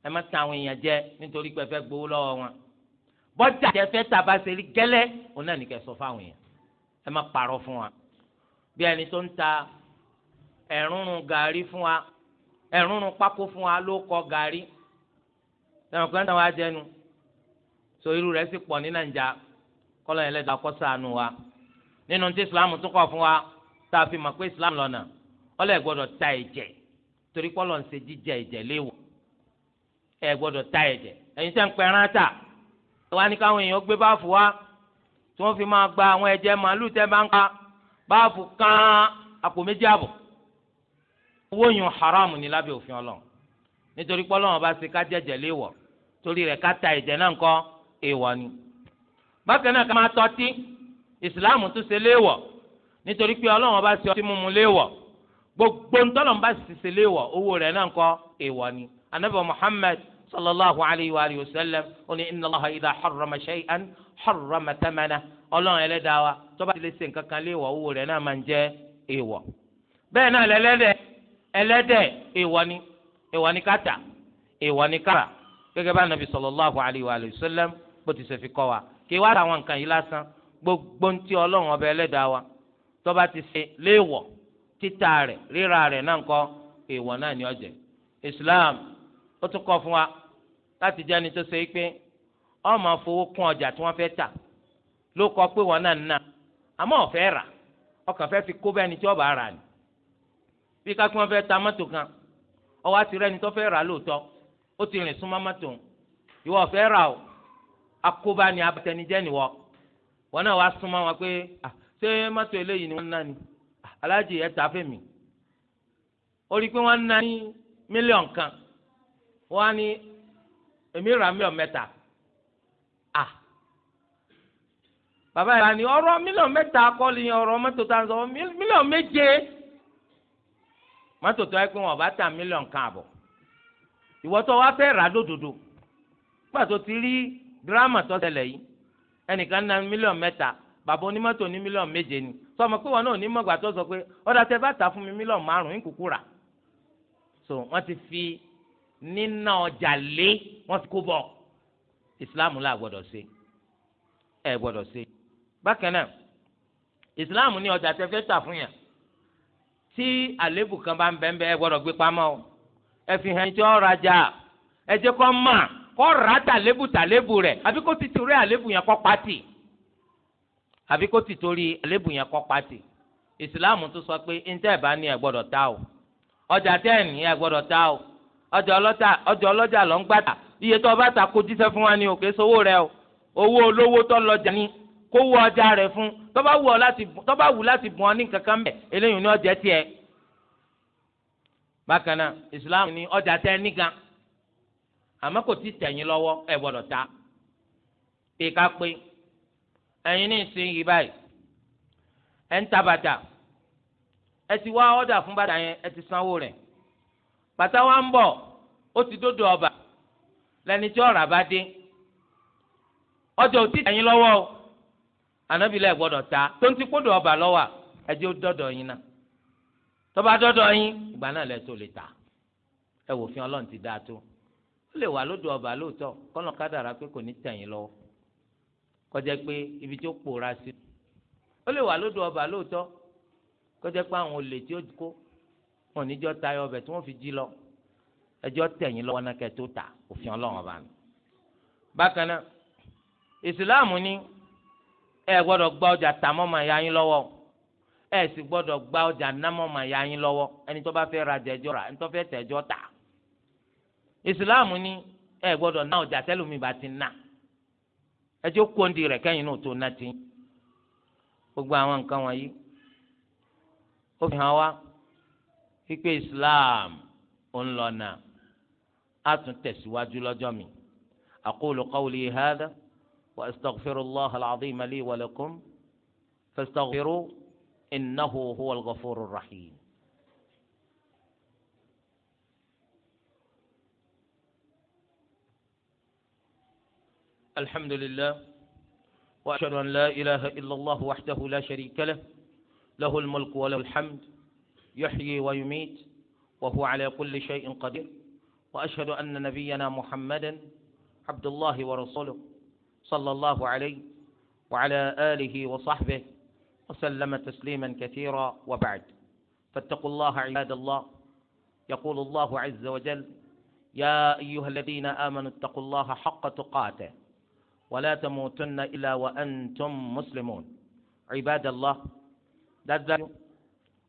S1: ẹ má ta àwọn èèyàn jẹ nítorí pé ẹ fẹ́ gbowó lọ́wọ́ wọn bọ́jà jẹ fẹ́ tàbá ṣe rí gẹ́lẹ́ òun náà ní kẹ́ sọ fáwọn èèyàn ẹ má parọ́ fún wa bí ẹni tó ń ta ẹ̀rúnrún gàrí fún wa ẹ̀rúnrún pákó fún wa ló kọ gàrí ẹ̀rùn kan táwọn ajẹnu so irú rẹ̀ sì pọ̀ ní nàìjà kọ́lọ́ yẹn lẹ́dàá kọ́ sànù wa nínú tí islam tún kọ̀ fún wa tá a fi mọ̀ pé islam lọ́nà ọlọ́ ẹ̀ gbọ́dọ̀ ta ẹ̀jẹ̀ torí pọ́lọ́ ń ṣe jíjẹ ẹ̀jẹ̀ léwu ẹ̀ gbọ́dọ̀ ta ẹ̀jẹ̀ ẹ̀yin tẹ́ ń pẹ́ ẹran ta wá ní káwọn èèyàn gbé báfù wa tí wọ́n fi máa gba àwọn ẹ̀jẹ̀ màálù tẹ́ bá ń pa báàbù kan àpò méjì àbọ̀ owó yun haram ni lábẹ́ òfin ọlọ́run nítorí pọ́lọ́wọ́n bá ṣe ká jẹ́jẹ́ léèwọ̀ torí rẹ̀ ká ta ẹ̀jẹ̀ náà kọ́ èèwọ̀ ni. bákan náà ká máa tọ́tí islam tún ṣe léèwọ̀ nítorí pé ọlọ́wọ́n bá ṣe ọtí mímu léèwọ̀ gbogbo ntọ́lọ́wọ́n bá sì ṣe léèwọ̀ owó rẹ̀ náà kọ́ èèwọ̀ ni. anabi muhammad sallallahu alayhi wa sallam ó ní inna allaha idha harrama ọlọ́run ẹlẹ́dàá wa tó bá ti lè ṣe nǹkan kan léèwọ̀ owó rẹ̀ náà máa ń jẹ́ èèwọ̀ bẹ́ẹ̀ náà lẹ́lẹ́dẹ̀ ẹlẹ́dẹ̀ èèwọ̀ ni èèwọ̀ ni káta èèwọ̀ ni kára gẹ́gẹ́ bá nàbì sallallahu alayhi wa sallam bó ti ṣe fi kọ́ wa kí wàá àwọn nǹkan yìí lásán gbogbo ntí ọlọ́run ọba ẹlẹ́dàá wa tó bá ti ṣe léèwọ̀ títà rẹ̀ rírà rẹ̀ náà kọ́ Islam ó tún kọ́ fún wa láti jẹ́ ẹni tó ṣe ló kọ pé wọn náà a àmọ́ ọfẹ rà ọkàn fẹ́ fi kó bẹ́ẹ̀ ni tí ọba rà ni bí kákí wọn fẹ́ ta mọ́tò kan ọwọ́ àti rẹ́ni tó fẹ́ rà ó ti rìn súnmọ́ mọ́tò ìwọ ọ̀fẹ́ rà o akóbá ni ni wọ wọn náà wá wọn pé ṣé mọ́tò eléyìí ni ni ẹ ta ó rí i pé kan á ní èmi rà mílíọ̀n bàbá yìí ni ọ̀rọ̀ mílíọ̀nù mẹ́ta kọ́lì yẹn ọ̀rọ̀ mọ́tò tá à ń sọ mílíọ̀nù méje mọ́tò tó yẹ pé wọn bá ta mílíọ̀nù kan àbọ̀ ìwọ tó wá fẹ́ rà lódodo nígbà tó ti rí dírámà tó ṣẹlẹ̀ yìí ẹnìkan ná mílíọ̀nù mẹ́ta bàbá onímọ́tò ní mílíọ̀nù méje ni sọmọ pé wọn náà ní mọ̀gbà tó sọ pé ọ̀dà tẹ bá ta fún mi mílíọ̀nù márùn-ún kúkú rà so wọ́n ti fi nínà ọjà lé wọ́n ti kó bọ̀ ìsìláàmù là ṣe ẹ gbọ́dọ̀ ṣe bákan náà ní ọjà tẹ́fẹ́ tà fún yàn tí àlébù kan bá ń bẹ́ẹ̀ gbọ́dọ̀ gbé ẹ fi hàn tí ó rajà ẹ mà rà tàlébù tàlébù rẹ̀ àbí kó ti torí àlébù yẹn kó pàtì àbí kó ti torí àlébù yẹn sọ pé ẹ̀ bá ní ọjà ẹ̀ ní ọjà ọlọ́jà ń iye tó o bá ta wa ni o sówó kó wọ ọjà rẹ fún tó wù láti bùn ọ ní kankan mẹ́ eléyìí ni ọjà tiẹ̀ bákan Islam ní ọjà tẹ nígan àmọ́ kò tí tẹ̀yìn lọ́wọ́ ẹ gbọ́dọ̀ ta pé ká pé ẹ̀yin ní ìsìn yìí báyìí ẹ̀ ń ta bàtà ẹ ti wá ọ̀dà fún bàtà yẹn ẹ ti sanwó rẹ̀ bàtà wa ń bọ̀ ó ti dódò ọba lẹni tí ọ̀rà bá dé ọjà ò tí tẹ̀yìn lọ́wọ́ o anábìlẹ̀ gbọ́dọ̀ ta tó ń ti kó dọ̀ọ̀bà lọ́wọ́ ẹjẹ́ ó dọ́dọ̀ yín náà tọ́ba dọ́dọ̀ yín ìgbà náà lẹ́ tó lè ta ẹ wò fi ọlọ́run ti dáa tó ó lè wà lódò ọba lóòótọ́ kọ́nà kádàrá pé kò ní tẹ̀yìn lọ́wọ́ kọjá pé ibi tí ó sí ó lè wà lódò ọba lóòótọ́ kọjá pé àwọn olè tí ó kó wọn ò tayọ ọbẹ̀ tí wọ́n fi jí lọ ẹjọ́ tẹ̀yìn lọ́wọ́ náà kẹ́ ta òfin ọlọ́run ọba mi bákan náà ìsìláàmù ni. ẹ gbọ́dọ̀ gba ọjà tà mọ́ màá yín lọ́wọ́ ẹ sì gbọ́dọ̀ gba ọjà ná mọ́ màá yín lọ́wọ́ ẹni tó bá fẹ́ ra jẹjọ́ rà ẹni tó fẹ́ tẹ̀jọ́ tà ìsìláàmù ni ẹ gbọ́dọ̀ ná ọjà tẹlumi bá ti ná ẹ tí ó kó rẹ̀ kẹ́yìn náà tó ná ti gbogbo àwọn nǹkan wọ̀nyí ó fi hàn wá wípé Islam ó ń lọ náà á tún tẹ̀síwájú lọ́jọ́ mi aqulu qawli hadha. واستغفر الله العظيم لي ولكم فاستغفروا انه هو الغفور الرحيم الحمد لله واشهد ان لا اله الا الله وحده لا شريك له له الملك وله الحمد يحيي ويميت وهو على كل شيء قدير واشهد ان نبينا محمدا عبد الله ورسوله صلى الله عليه وعلى آله وصحبه وسلم تسليما كثيرا وبعد فاتقوا الله عباد الله يقول الله عز وجل يا أيها الذين آمنوا اتقوا الله حق تقاته ولا تموتن إلا وأنتم مسلمون عباد الله dájúdájú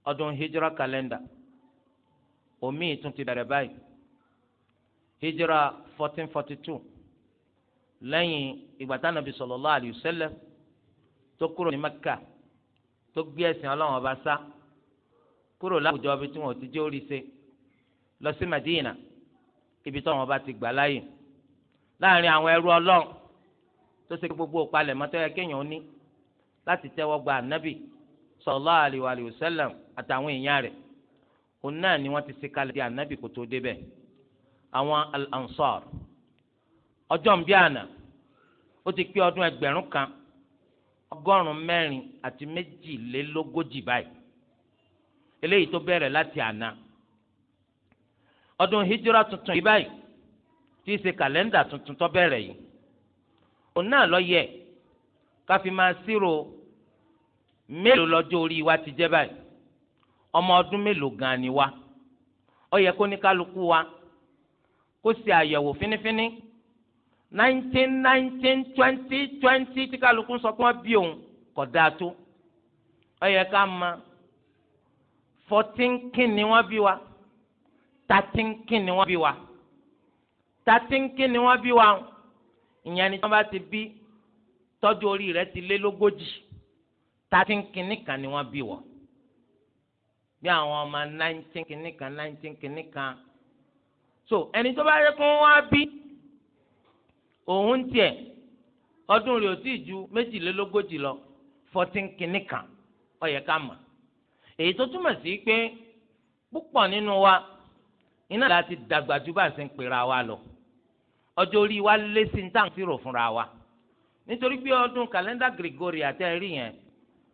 S1: ọdún هجرة كالندا omi ìtún ti bẹ̀rẹ̀ 1442 lẹ́yìn ìgbà tí Ànábì sallallahu alayhi wa sallam tó kúrò ní Mẹ́kà tó gbé ẹ̀sìn Ọlọ́run ọba sá kúrò láwùjọ ibi tí wọ́n ti jẹ́ orí lọ sí Madina ibi tí wọ́n bá ti gbà láàyè láàrin àwọn ẹrú Ọlọ́run tó ṣe gbogbo ìpalẹ̀ mọ́tò yẹ kéèyàn ní láti tẹ́wọ́ gba Ànábì sallallahu alayhi wa sallam àtàwọn èèyàn rẹ̀ òun náà ni wọ́n ti ṣe kalẹ̀ di Ànábì kó tó ọjọ́ ń bí àná ó ti pé ọdún ẹgbẹ̀rún kan ọgọ́rùn-ún mẹ́rin àti méjìlélógójì báyìí eléyìí tó bẹ̀rẹ̀ láti àná ọdún hijira tuntun yìí báyìí tí í ṣe kàlẹ́ndà tuntun tó bẹ̀rẹ̀ yìí òun náà ló yẹ ká fi máa ṣírò mélòó lọ́jọ́ orí wa ti jẹ́ báyìí ọmọ ọdún mélòó gan ni wa ó yẹ kó ní kálukú wa kó ṣe àyẹ̀wò fínífíní nineteen nineteen twenty twenty tí kálukú sọ pé wọ́n bí òun kò dáa tó ó yẹ ká mọ̀ fourteen kin ni wọ́n bí wa thirteen kin ni wọ́n bí wa thirteen kin ni wọ́n bí wa ìyẹn ni tí bá ti bí tọ́jú orí rẹ̀ ti lé lógójì thirteen kin nìkan ni wọ́n bí wọ bí àwọn ọmọ nineteen kin nìkan nineteen kin nìkan so ẹni tó bá yẹ kó wọ́n bí. òun tiẹ̀ ọdún rẹ̀ ò tí ì ju méjìlélógójì lọ fourteen kìíní kan ó ká mọ̀ èyí tó túmọ̀ pé púpọ̀ nínú wa iná láti dàgbà ju bá a ṣe ń pera wa lọ ọjọ́ orí wa lé sí ní tàǹtí rò fúnra wa nítorí pé ọdún kàlẹ́ndà Gregorian yẹn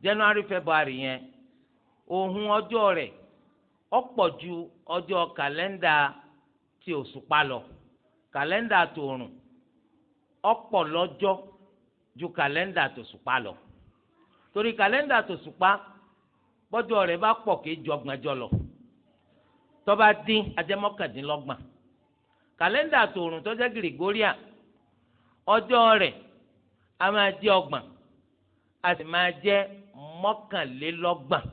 S1: January February yẹn òun ọjọ́ rẹ̀ ọ̀pọ̀ ti òṣùpá lọ kàlẹ́ndà tòrùn ọ̀pọ̀ lọ́jọ́ ju kàlẹ́ndà tòṣùpá lọ torí kàlẹ́ndà tòṣùpá bọ́jọ́ rẹ̀ bá pọ̀ kí í ju lọ tó bá dín ajẹmọ́kàndínlọ́gbọ̀n kàlẹ́ndà tòrùn tó jẹ́ gírígóríà ọjọ́ rẹ̀ a máa jẹ́ ọgbọ̀n a sì máa jẹ́ mọ́kànlélọ́gbọ̀n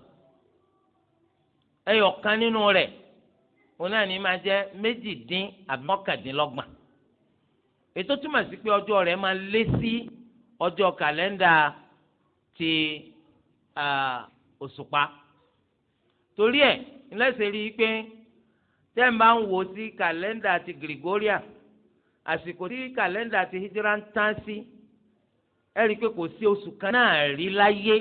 S1: ẹyọ̀kan nínú rẹ̀ òun náà ní máa jẹ́ méjì dín àbí ètò túmọ̀ sí pé ọjọ́ rẹ̀ máa lé sí ọjọ́ kàlẹ́ndà ti òṣùpá torí ẹ̀ ńlẹ́sẹ̀ rí i pé tẹ́ ẹ̀ máa ń wò sí kàlẹ́ndà ti Gregorian àsìkò tí kàlẹ́ndà ti hijira ń tán sí ẹ̀ rí i pé kò sí oṣù kan náà rí láyé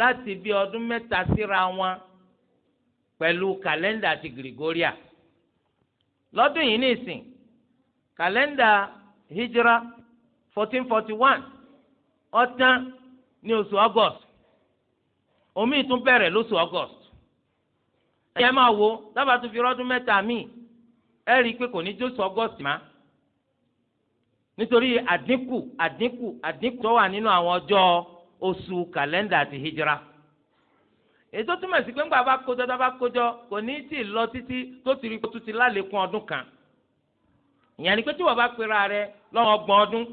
S1: láti bí ọdún mẹ́ta síra wọn pẹ̀lú kàlẹ́ndà ti Gregorian lọ́dún yìí nìsín kàlẹ́ndà hijra fourteen forty one ó ní oṣù august omi tún bẹ̀rẹ̀ lóṣù august ẹ̀yẹ́ máa wo dábàá tún fi rọ́dún mẹ́ta míì ẹ̀ rí i pé kò ní jóṣù august má nítorí àdínkù àdínkù àdínkù tó wà nínú àwọn ọjọ́ oṣù kàlẹ́ndà àti hijra ètò túmọ̀ sí pé ńgbà bá kójọ tá bá kójọ kò ní tí ì lọ títí tó ti rí kó tún ti lálékún ọdún kan ìyẹn ni pé tí wọ́n bá pera rẹ lọ́wọ́ gbọ́n ọdún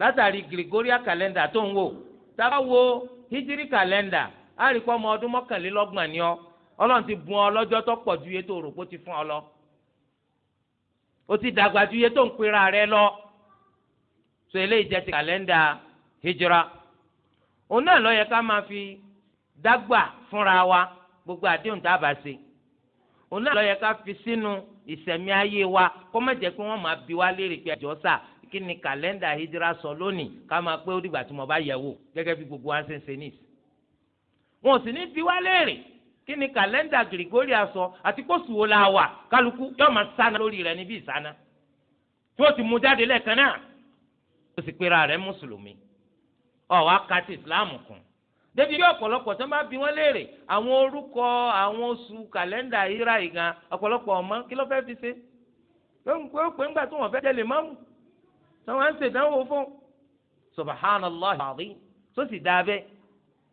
S1: látàrí Gregorian calendar tó ń wò tá bá wo hijiri calendar á rí pọ́ ọmọ ọdún mọ́kànlélọ́gbọ̀n ni ọ ọlọ́run ti bùn ọ lọ́jọ́ tó pọ̀ ju iye tó rò pé ó ti fún ọ lọ ó ti dàgbà ju iye tó ń pera rẹ lọ so eléyìí jẹ́ ti calendar hijira òun náà ló yẹ ká máa fi dágbà fúnra wa gbogbo àdéhùn tá a bá ṣe òun náà ló yẹ ká fi sínú ìsẹ̀mí ayé wa kó má jẹ́ pé wọ́n máa bi wá léèrè pé ẹjọ́ sà kí ni kàlẹ́ndà hijira sọ lónìí ká máa pé ó dìgbà tí mo bá yẹ̀ wò gẹ́gẹ́ bí gbogbo wa ṣe ń ṣe nìyí. wọn ò sì ní bi wá léèrè kí ni kàlẹ́ndà Gregorian sọ àti kóṣù la wà kálukú yóò máa sáná lórí rẹ̀ níbi ìsáná tí ó ti mú jáde lẹ́ẹ̀kan náà ó sì pera rẹ̀ mùsùlùmí ọ̀ wá ka ìsìláàmù kùn débi bí ọ̀pọ̀lọpọ̀ tó ń bá bi wọ́n léèrè àwọn orúkọ àwọn oṣù kàlẹ́ndà ìra ìgan ọ̀pọ̀lọpọ̀ ọmọ kí ló fẹ́ fi ṣe pé ó pé ńgbà tó wọ́n fẹ́ jẹ mọ́mù tí wọ́n ń ṣèdánwò fún subhanallah àbí tó sì dáa bẹ́ẹ̀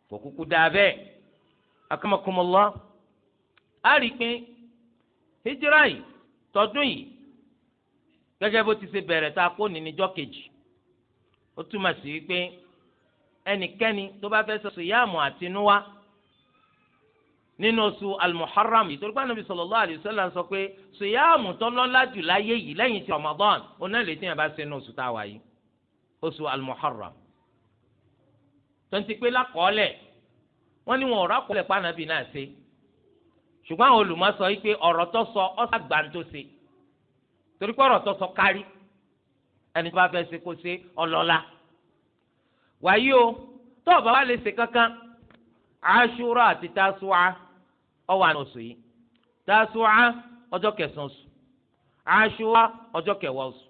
S1: kò kúkú dáa bẹ́ẹ̀ akamakumọ́lá á rí i pé hijira yìí tọdún yìí gẹ́gẹ́ bó ti ṣe bẹ̀rẹ̀ tá a kó ní níjọ́ kejì ó túmọ̀ sí pé ẹnikẹ́ni tó bá fẹ́ sọ̀sọ̀ yáàmù àtinúwá nínú oṣù almuharram ìtòrí pé anabi sallallahu alaihi wasallam sọ pé sòyàmù tọlọ́lá jù láyé yìí lẹ́yìn tí ramadan onáìlè tí yẹn bá ṣe ní oṣù táwa yìí oṣù almuharram tonti pé lakọọlẹ wọn ní wọn ọ̀rọ̀ akọọlẹ pa anabi náà ṣe ṣùgbọ́n àwọn olùmọ̀ sọ yìí pé ọ̀rọ̀ tó sọ ọsà gbàǹtó ṣe torí pé ọ̀rọ̀ tó sọ kárí ẹni tó bá fẹ́ ṣe kó ṣe ọlọ́lá. wàyí o tó o lè ṣe kankan aṣúra àti tasuwa ọwọ àná oṣù yìí tasuwa ọjọ́ kẹsàn oṣù aṣúra ọjọ kẹwàá oṣù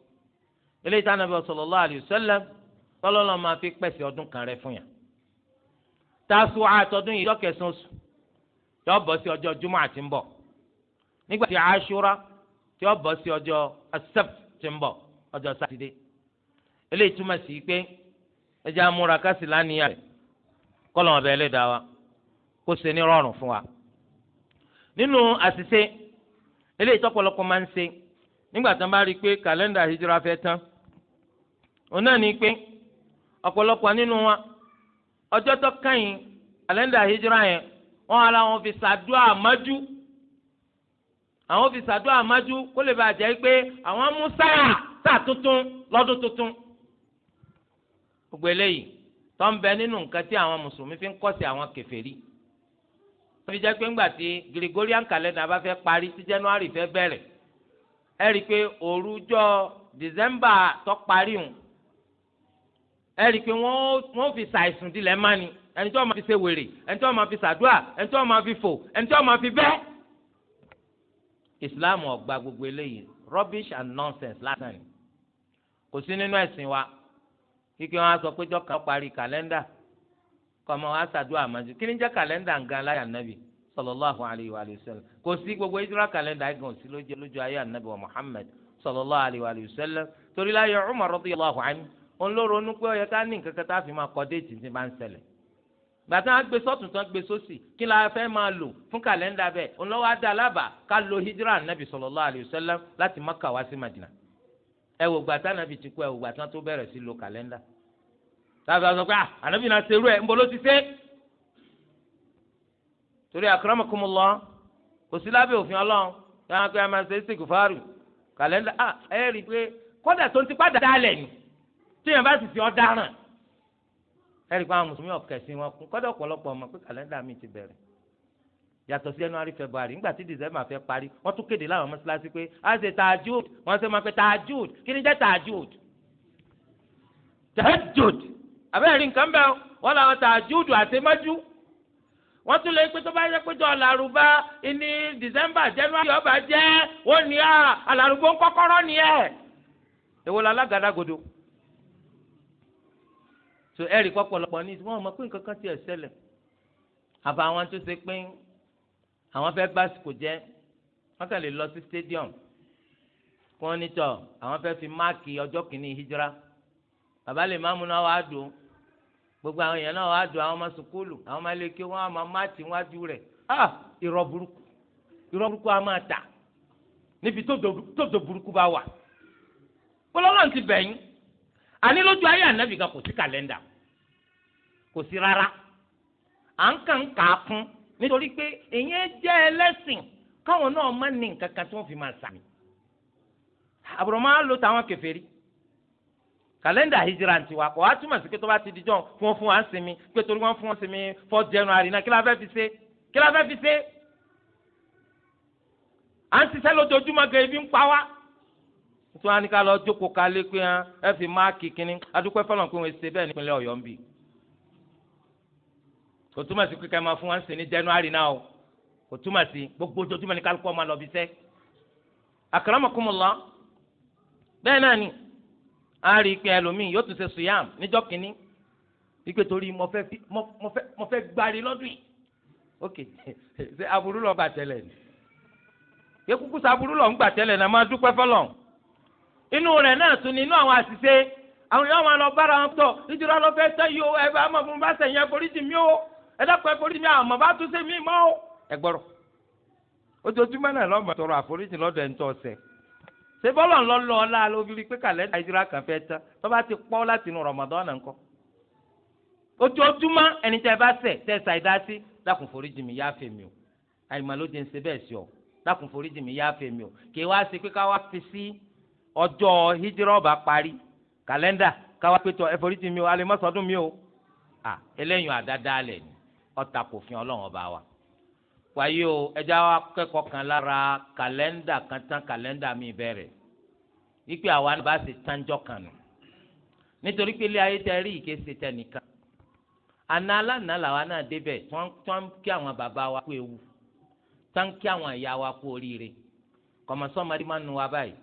S1: eléyìí tá a nàbẹ tọlọlọ fi pèsè ọdún kan rẹ fún yàn tasuwa àtọdún yìí ọjọ́ kẹsàn-án oṣù tó bọ́ sí ọjọ jumọ àti ń nígbà tí aṣúra tí ó bọ́ sí ẹjẹ́ amúra kásì lánìyàn rẹ̀ kọ́lọ̀ ọ̀bẹ ẹlẹ́dàá wa kó ṣe ní rọrùn fún wa. nínú àṣìṣe eléyìí tọ́pọ̀lọpọ̀ máa ń ṣe nígbà tó ń bá rí i pé kàlẹ́ndà hijira fẹ́ tán òun náà ní pé ọ̀pọ̀lọpọ̀ nínú wa ọjọ́ tó kẹ́yìn kàlẹ́ndà hijira yẹn wọ́n á láwọn fi ṣàdúrà májú àwọn fi ṣàdúrà májú kó lè bàjẹ́ pé àwọn mú sáà sáà tuntun lọ́dún tuntun gbogbo eléyìí tó ń bẹ nínú nǹkan tí àwọn mùsùlùmí fi ń kọ́sí àwọn kèfèrí wọ́n fi jẹ́ pé ńgbà tí Gregorian calendar bá fẹ́ parí tí January fẹ́ bẹ̀rẹ̀ ẹ rí i pé òrùjọ December tó parí hùn ẹ rí i pé wọ́n fi ṣàìsùn dilẹ̀ mání ẹni tí wọ́n máa fi ṣe wèrè ẹni tí wọ́n máa fi ṣàdúrà ẹni tí wọ́n máa fi fò ẹni tí wọ́n máa fi bẹ́. Islam ò gbà gbogbo eléyìí rubbish and nonsense lásán ni kò sí nínú ẹ̀sìn wa. ike wọn á sọ pé kpari parí kàlẹ́ndà kọ́mọ wa ṣàdúrà àmàjù kí ni nga kàlẹ́ndà ń gan láyà nàbì sallallahu alayhi wa kò sí gbogbo ìdúrà kàlẹ́ndà ẹ̀ sí lójú lójú ayé ànábì wa muhammed wa torí láyé òun ló ronú pé ní nǹkan a fi máa kọ́ déètì tí bá ń ṣẹlẹ̀ gbàtà gbé sọ́tún tán gbé sósì kí la fẹ́ máa lò fún kàlẹ́ndà bẹ́ẹ̀ òun lọ́wọ́ ká lo hijira ànábì wa sallam láti Mákà wá sí Madina ẹ wò gbàtà ànábì tàbí àwọn sọ pé ah, ànábì náà ṣerú ẹ̀ ńbọ ló ti ṣe. torí akramakumullah kò sí lábẹ́ òfin ọlọ́run kí wọ́n á pé a máa ṣe é sèkú fáàrù kàlẹ́ndà ah, ẹ̀ rí i pé kọ́dà tó ń ti padà dálẹ̀ ni tíyẹn bá sì fi ọ́ dáràn ẹ̀rí pé àwọn mùsùlùmí ọ̀kẹ́sìn wọn kún kọ́dọ̀ ọ̀pọ̀lọpọ̀ ọmọ pé kàlẹ́ndà mi ti bẹ̀rẹ̀ yàtọ̀ sí january february nígbà tí december fẹ́ parí wọ́n tún kéde láwọn mọ́ṣáláṣí pé a ṣe tajud wọ́n ṣe máa pe tajud kí ni jẹ́ tajud tahajud àbẹ́rẹ́ nǹkan bẹ́ẹ̀ wọ́n làwọn tà júùdù àtẹ́mọ́jú wọ́n tún lè pé bá yẹ pé ọ̀làrúbá ní december january ọba jẹ́ wọ́n ní à àlàrúbó ń kọ́kọ́rọ́ ni ẹ̀. èwo la alágàdá godo tó ẹ̀rí pọ̀pọ̀lọpọ̀ ní wọ́n mọ̀ pé nǹkan kan ti ẹ̀ ṣẹlẹ̀ àbá àwọn tó ṣe pé àwọn fẹ́ básìkò jẹ́ wọ́n kàn lè lọ sí stadium kí wọ́n ní tọ̀ àwọn fẹ́ fi máàkì ọjọ́ kìíní hijira bàbá lè má múná wàá dùn gbogbo àwọn èèyàn náà wàá dùn àwọn ọmọ sùkúlù àwọn ọmọ ẹlẹ́kẹ́ wọn àmọ́ máàtì wájú rẹ̀ ah irọ́ burúkú irọ́ burúkú a máa tà níbi tódò burúkú bá wà kọlọ́lọ́ ti bẹ̀yìn àní lójú ayé ànábì kan kò sí kàlẹ́ndà kò sí rárá à ń kàn ń fún nítorí pé ìyẹn jẹ́ ẹlẹ́sìn káwọn náà má ní nǹkan kan tí wọ́n fi máa sàmì àbùrọ̀ máa lo tàwọn kèfèrí Kalenda hijira ti wa kọ́ wa túmọ̀ sí pé tó bá ti di jọ́ fún fún wa ń sinmi pé torí wọ́n fún wọn sinmi January na kila la fẹ́ fi ṣe kí la fẹ́ fi ṣe. à ń ṣiṣẹ́ lójoojúmọ́ gan ibi ń pa wá. tó wá ní ká lọ jókòó kalẹ̀ pé ẹ fi máàkì kínní adúpẹ́ fọlọ́n pé wọ́n ṣe bẹ́ẹ̀ nípínlẹ̀ Ọ̀yọ́ ń bì. kò túmọ̀ sí pé ká máa wa ń January náà o kò túmọ̀ sí gbogbo ojoojúmọ́ ni kálukọ́ máa lọ fi ṣẹ́. àkàràmọ̀kùnmọ̀ lọ bẹ́ẹ̀ náà a rí i ẹlòmíì suyam níjọ́ kínní wípé torí mo fẹ́ gbari lọ́dún yìí ok <laughs> ṣe aburú lọ gbà tẹ́lẹ̀ ni ṣé kúkú ṣe aburú lọ ń gbà tẹ́lẹ̀ náà máa dúpẹ́ fọlọ́ inú rẹ̀ náà tún ni inú àwọn àṣìṣe àwọn yóò máa lọ bára wọn o ẹ bá mọ̀ fún bá sẹ̀yìn jì mí o ẹ dẹ́kun mi àwọn bá tún ṣe mí mọ́ o tọrọ àforíjì lọ́dọ̀ ẹ̀ ń tọ́ ṣé bọ́lọ̀ ń lọ lọ ọ́lá ló fi rí pé kàlẹ́ndà ìjírà kan fẹ́ tán tó bá ti pọ́ láti inú Ramadan náà ńkọ́ ojoojúmọ́ ẹni tẹ́ ẹ bá ṣẹ̀ tẹ́ ẹ ṣàìdá sí dákun foríjì mi yááfẹ́ mi o àyìnbá ló ti ń ṣe bẹ́ẹ̀ sí ọ dákun foríjì mi yááfẹ́ mi o kì í wá sí pé ká wá fi sí ọjọ́ hídírọ́ọ̀bà parí kàlẹ́ndà ká wá pé tọ ẹ foríjì mi o alẹ́ mọ́sọ́dún mi o à eléyìn àdáda alẹ̀ ni wáyé o ẹja wa kẹ́kọ̀ọ́ kan lára kàlẹ́ndà kan tán kàlẹ́ndà mi bẹ̀rẹ̀ wípé àwa náà bá ṣe tánjọ́ kan nù nítorí pé ilé ayé tẹ rí ìké ṣe tẹnìkan àná alánà làwa náà débẹ̀ tí wọ́n kí àwọn bàbá wa kú ewu tí wọ́n kí àwọn ìyá wa kú oríire kọ̀mọ̀sọ́mọdé máa nu wa báyìí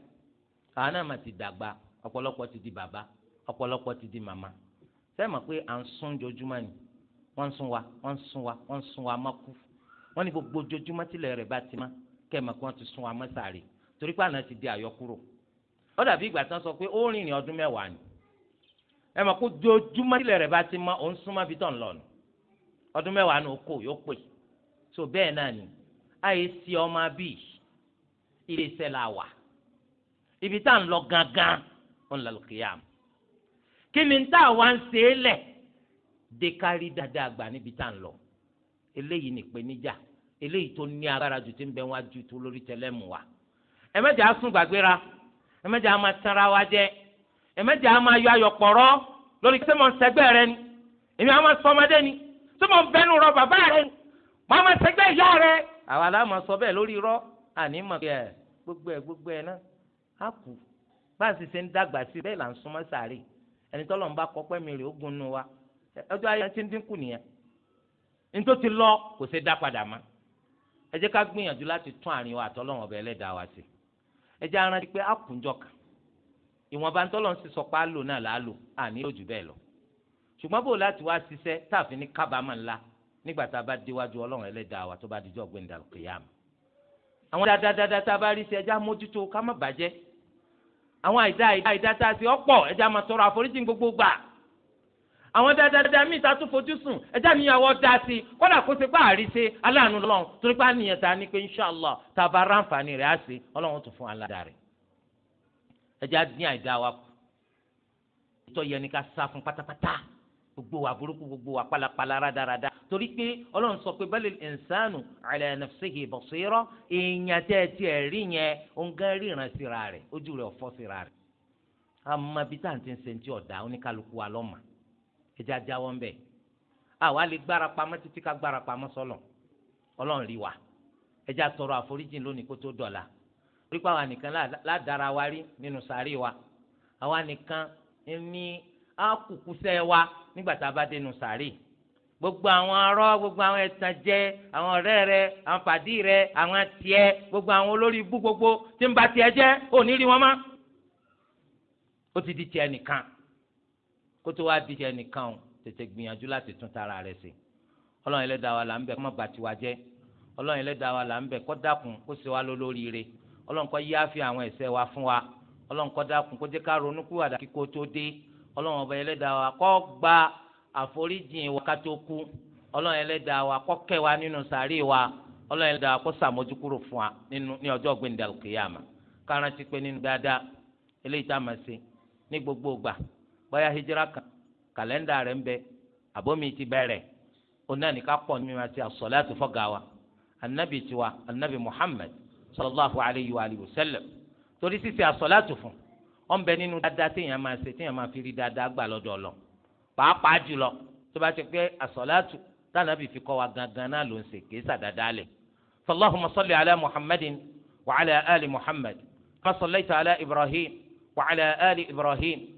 S1: àwọn náà máa ti dàgbà ọ̀pọ̀lọpọ̀ ti di bàbá ọ̀pọ̀lọpọ̀ ti di màmá sẹ́ẹ̀ mọ̀ pé à ń sún jojúmọ́ ni wọ́n ń sún wa wọ́n ń sún wa wọ́n ń sún wa mọ́kú wọ́n ní gbogbo ojoojúmọ́ tilẹ̀ rẹ̀ bá ti má kẹ́mọ̀ kí wọ́n ti sun amọ́ sàárè torí pé àná ti di àyọkúrò ó dàbí ìgbà tán sọ pé ó rìn ní ọdún mẹ́wàá ni ẹ mọ̀ kó ojoojúmọ́ tilẹ̀ rẹ̀ bá ti má òun súnmọ́ bí tọ̀ ń lọ nù ọdún mẹ́wàá ni ó kò yóò pè so bẹ́ẹ̀ náà ni àyè sí ọmọ bíi ilé iṣẹ́ la wà ibi tá à ń lọ gangan òun lọ kìyàm kí ni tá à wá ń ṣe é lẹ̀ dé kárí dáadáa níbi tá à ń lọ. eléyìí nìpèníjà eléyìí tó ní agbára ju ti ń bẹ ti tó lórí wa ẹ̀mẹ́jẹ̀ á sún gbàgbéra ẹ̀mẹ́jẹ̀ á máa tanra wa jẹ ẹ̀mẹ́jẹ̀ á máa yọ ayọ̀pọ̀rọ́ lórí sẹ́mọ̀ sẹ́gbẹ́ ni èmi á máa sọ ni sẹ́mọ̀ rọ bàbá rẹ ni màá máa sẹ́gbẹ́ ìyá rẹ. àwa la máa sọ bẹ́ẹ̀ lórí irọ́ àní mọ̀ a sì ṣe ń dàgbà sí bẹ́ẹ̀ là ń súnmọ́ sàárè ẹni tọ́lọ́ nítorí ti lọ kò ṣe dá padà mọ́ ẹ jẹ́ ká gbìyànjú láti tún àárín wa àtọ́lọ́wọ́n ọbẹ̀ ẹlẹ́dàá wa sí ẹ jẹ́ arántí pé àkùnjọ kan ìwọ̀nba ntọ́lọ́ sì sọ pé á lò náà là á lò àní lójú bẹ́ẹ̀ lọ ṣùgbọ́n bò láti wá ṣiṣẹ́ táàfin ní kábàámà ńlá nígbà tá a bá déwájú ọlọ́run ẹlẹ́dàá wa tó bá dijọ́ gbẹ̀ndà kìyàm àwọn dáadáa tá a bá rí sí ẹjá mójútó ká má bàjẹ́ àwọn àìdá àìdá tá a ti ọ̀pọ̀ ẹjá máa tọrọ àforíjì gbogbo àwọn dáadáa míì ta tún fojú sùn ẹjá níyàwó dá sí i kódà kó ṣe pé àríṣe aláàánú lọ́n torí pé àníyàn ta ni pé inshàlá tàbá ráǹfààní rẹ̀ á sí ọlọ́run tó fún aládàá rẹ̀ ẹjá dín àìdá wa kù ìtọ́ yẹ ni ká sá fún pátápátá gbogbo wa burúkú gbogbo wa pálapàla rádaràda torí pé ọlọ́run sọ pé balil insanu ala nafsihi basira èèyàn tẹ́ ẹ ti ẹ̀ rí yẹn òǹgá ríran síra rẹ̀ ojú rẹ̀ ọ̀fọ́ síra rẹ̀ àmọ́ bíi ń ṣe ọ̀dà oníkálukú wa lọ́mọ ẹja jáwọ́ ńbẹ̀ àwa lè gbára pamọ́ títí ká gbára pamọ́ sọ́lọ̀ ọlọ́run rí wa ẹja tọrọ àforíjìn lónìí kó tó dọ̀la orí pa nìkan ládàra wa rí nínú sàárì wa àwa nìkan ní àkùkùsẹ́ wa nígbà tá a bá dénú sàárì gbogbo àwọn arọ gbogbo àwọn ẹ̀tàn jẹ àwọn ọ̀rẹ́ rẹ àwọn pàdí rẹ àwọn tiẹ̀ gbogbo àwọn olórí ibú gbogbo tí ń ba tiẹ̀ jẹ́ òní rí wọn mọ́ ó ti di tiẹ̀ nìkan kó tó wá díjẹ nìkan o tètè gbìyànjú láti tún tara rẹ ṣe ọlọ́run ẹlẹ́dàá wa là ń bẹ̀ kó má bà tiwa jẹ́ ọlọ́run ẹlẹ́dàá wa là ń bẹ̀ kó dákun kó ṣe wá lólóríire kọ kó yááfì àwọn wa fún wa ọlọ́run kó dákun kó jẹ́ ká ronú kú àdá kíkó tó dé ọba wa kọ gba àforíjìn wa ká tó kú ọlọ́run wa kọ wa nínú wa wa kọ fún wa ní pé nínú dáadáa eléyìí tá a bóyá hijira kan kàlẹ́ndà rẹ̀ ń bẹ àbómi ti bẹ̀rẹ̀ ó náà ní ká pọ̀ ní mímọ́ àti àsọ̀láàtì fọ́gà wa anabi tiwa anabi muhammed sallallahu alayhi wa alihi wa sallam torí sísè àsọ̀láàtì fún ọ̀n bẹ nínú dáadáa téèyàn máa ṣe téèyàn máa fi rí dáadáa gbà lọ́dọ̀ lọ pàápàá jùlọ tó bá ti pé àsọ̀láàtì tànàbì fi kọ́ wa gangan náà ló ń ṣe kìí sàdáadáa lẹ̀ fallahumma salli ala muhammadin wa ala ali muhammad kama sallaita ala ibrahim wa ala ali ibrahim.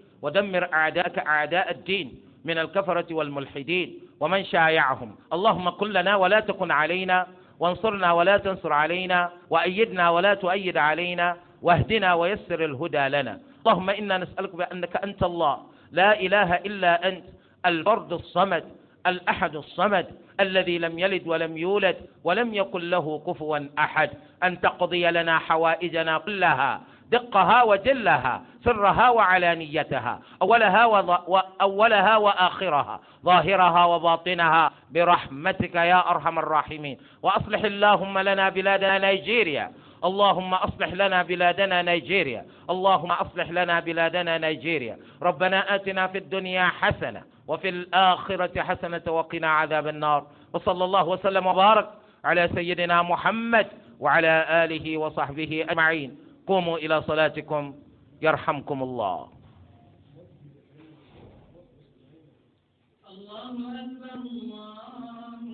S1: ودمر أعداءك أعداء الدين من الكفرة والملحدين ومن شايعهم اللهم قل لنا ولا تكن علينا وانصرنا ولا تنصر علينا وأيدنا ولا تؤيد علينا واهدنا ويسر الهدى لنا اللهم إنا نسألك بأنك أنت الله لا إله إلا أنت الفرد الصمد الأحد الصمد الذي لم يلد ولم يولد ولم يكن له كفوا أحد أن تقضي لنا حوائجنا كلها دقها وجلها سرها وعلانيتها أولها, وض... أولها وآخرها ظاهرها وباطنها برحمتك يا أرحم الراحمين وأصلح اللهم لنا بلادنا نيجيريا اللهم اصلح لنا بلادنا نيجيريا اللهم اصلح لنا بلادنا نيجيريا ربنا اتنا في الدنيا حسنه وفي الاخره حسنه وقنا عذاب النار وصلى الله وسلم وبارك على سيدنا محمد وعلى اله وصحبه اجمعين قوموا إلى صلاتكم يرحمكم الله الله أكبر الله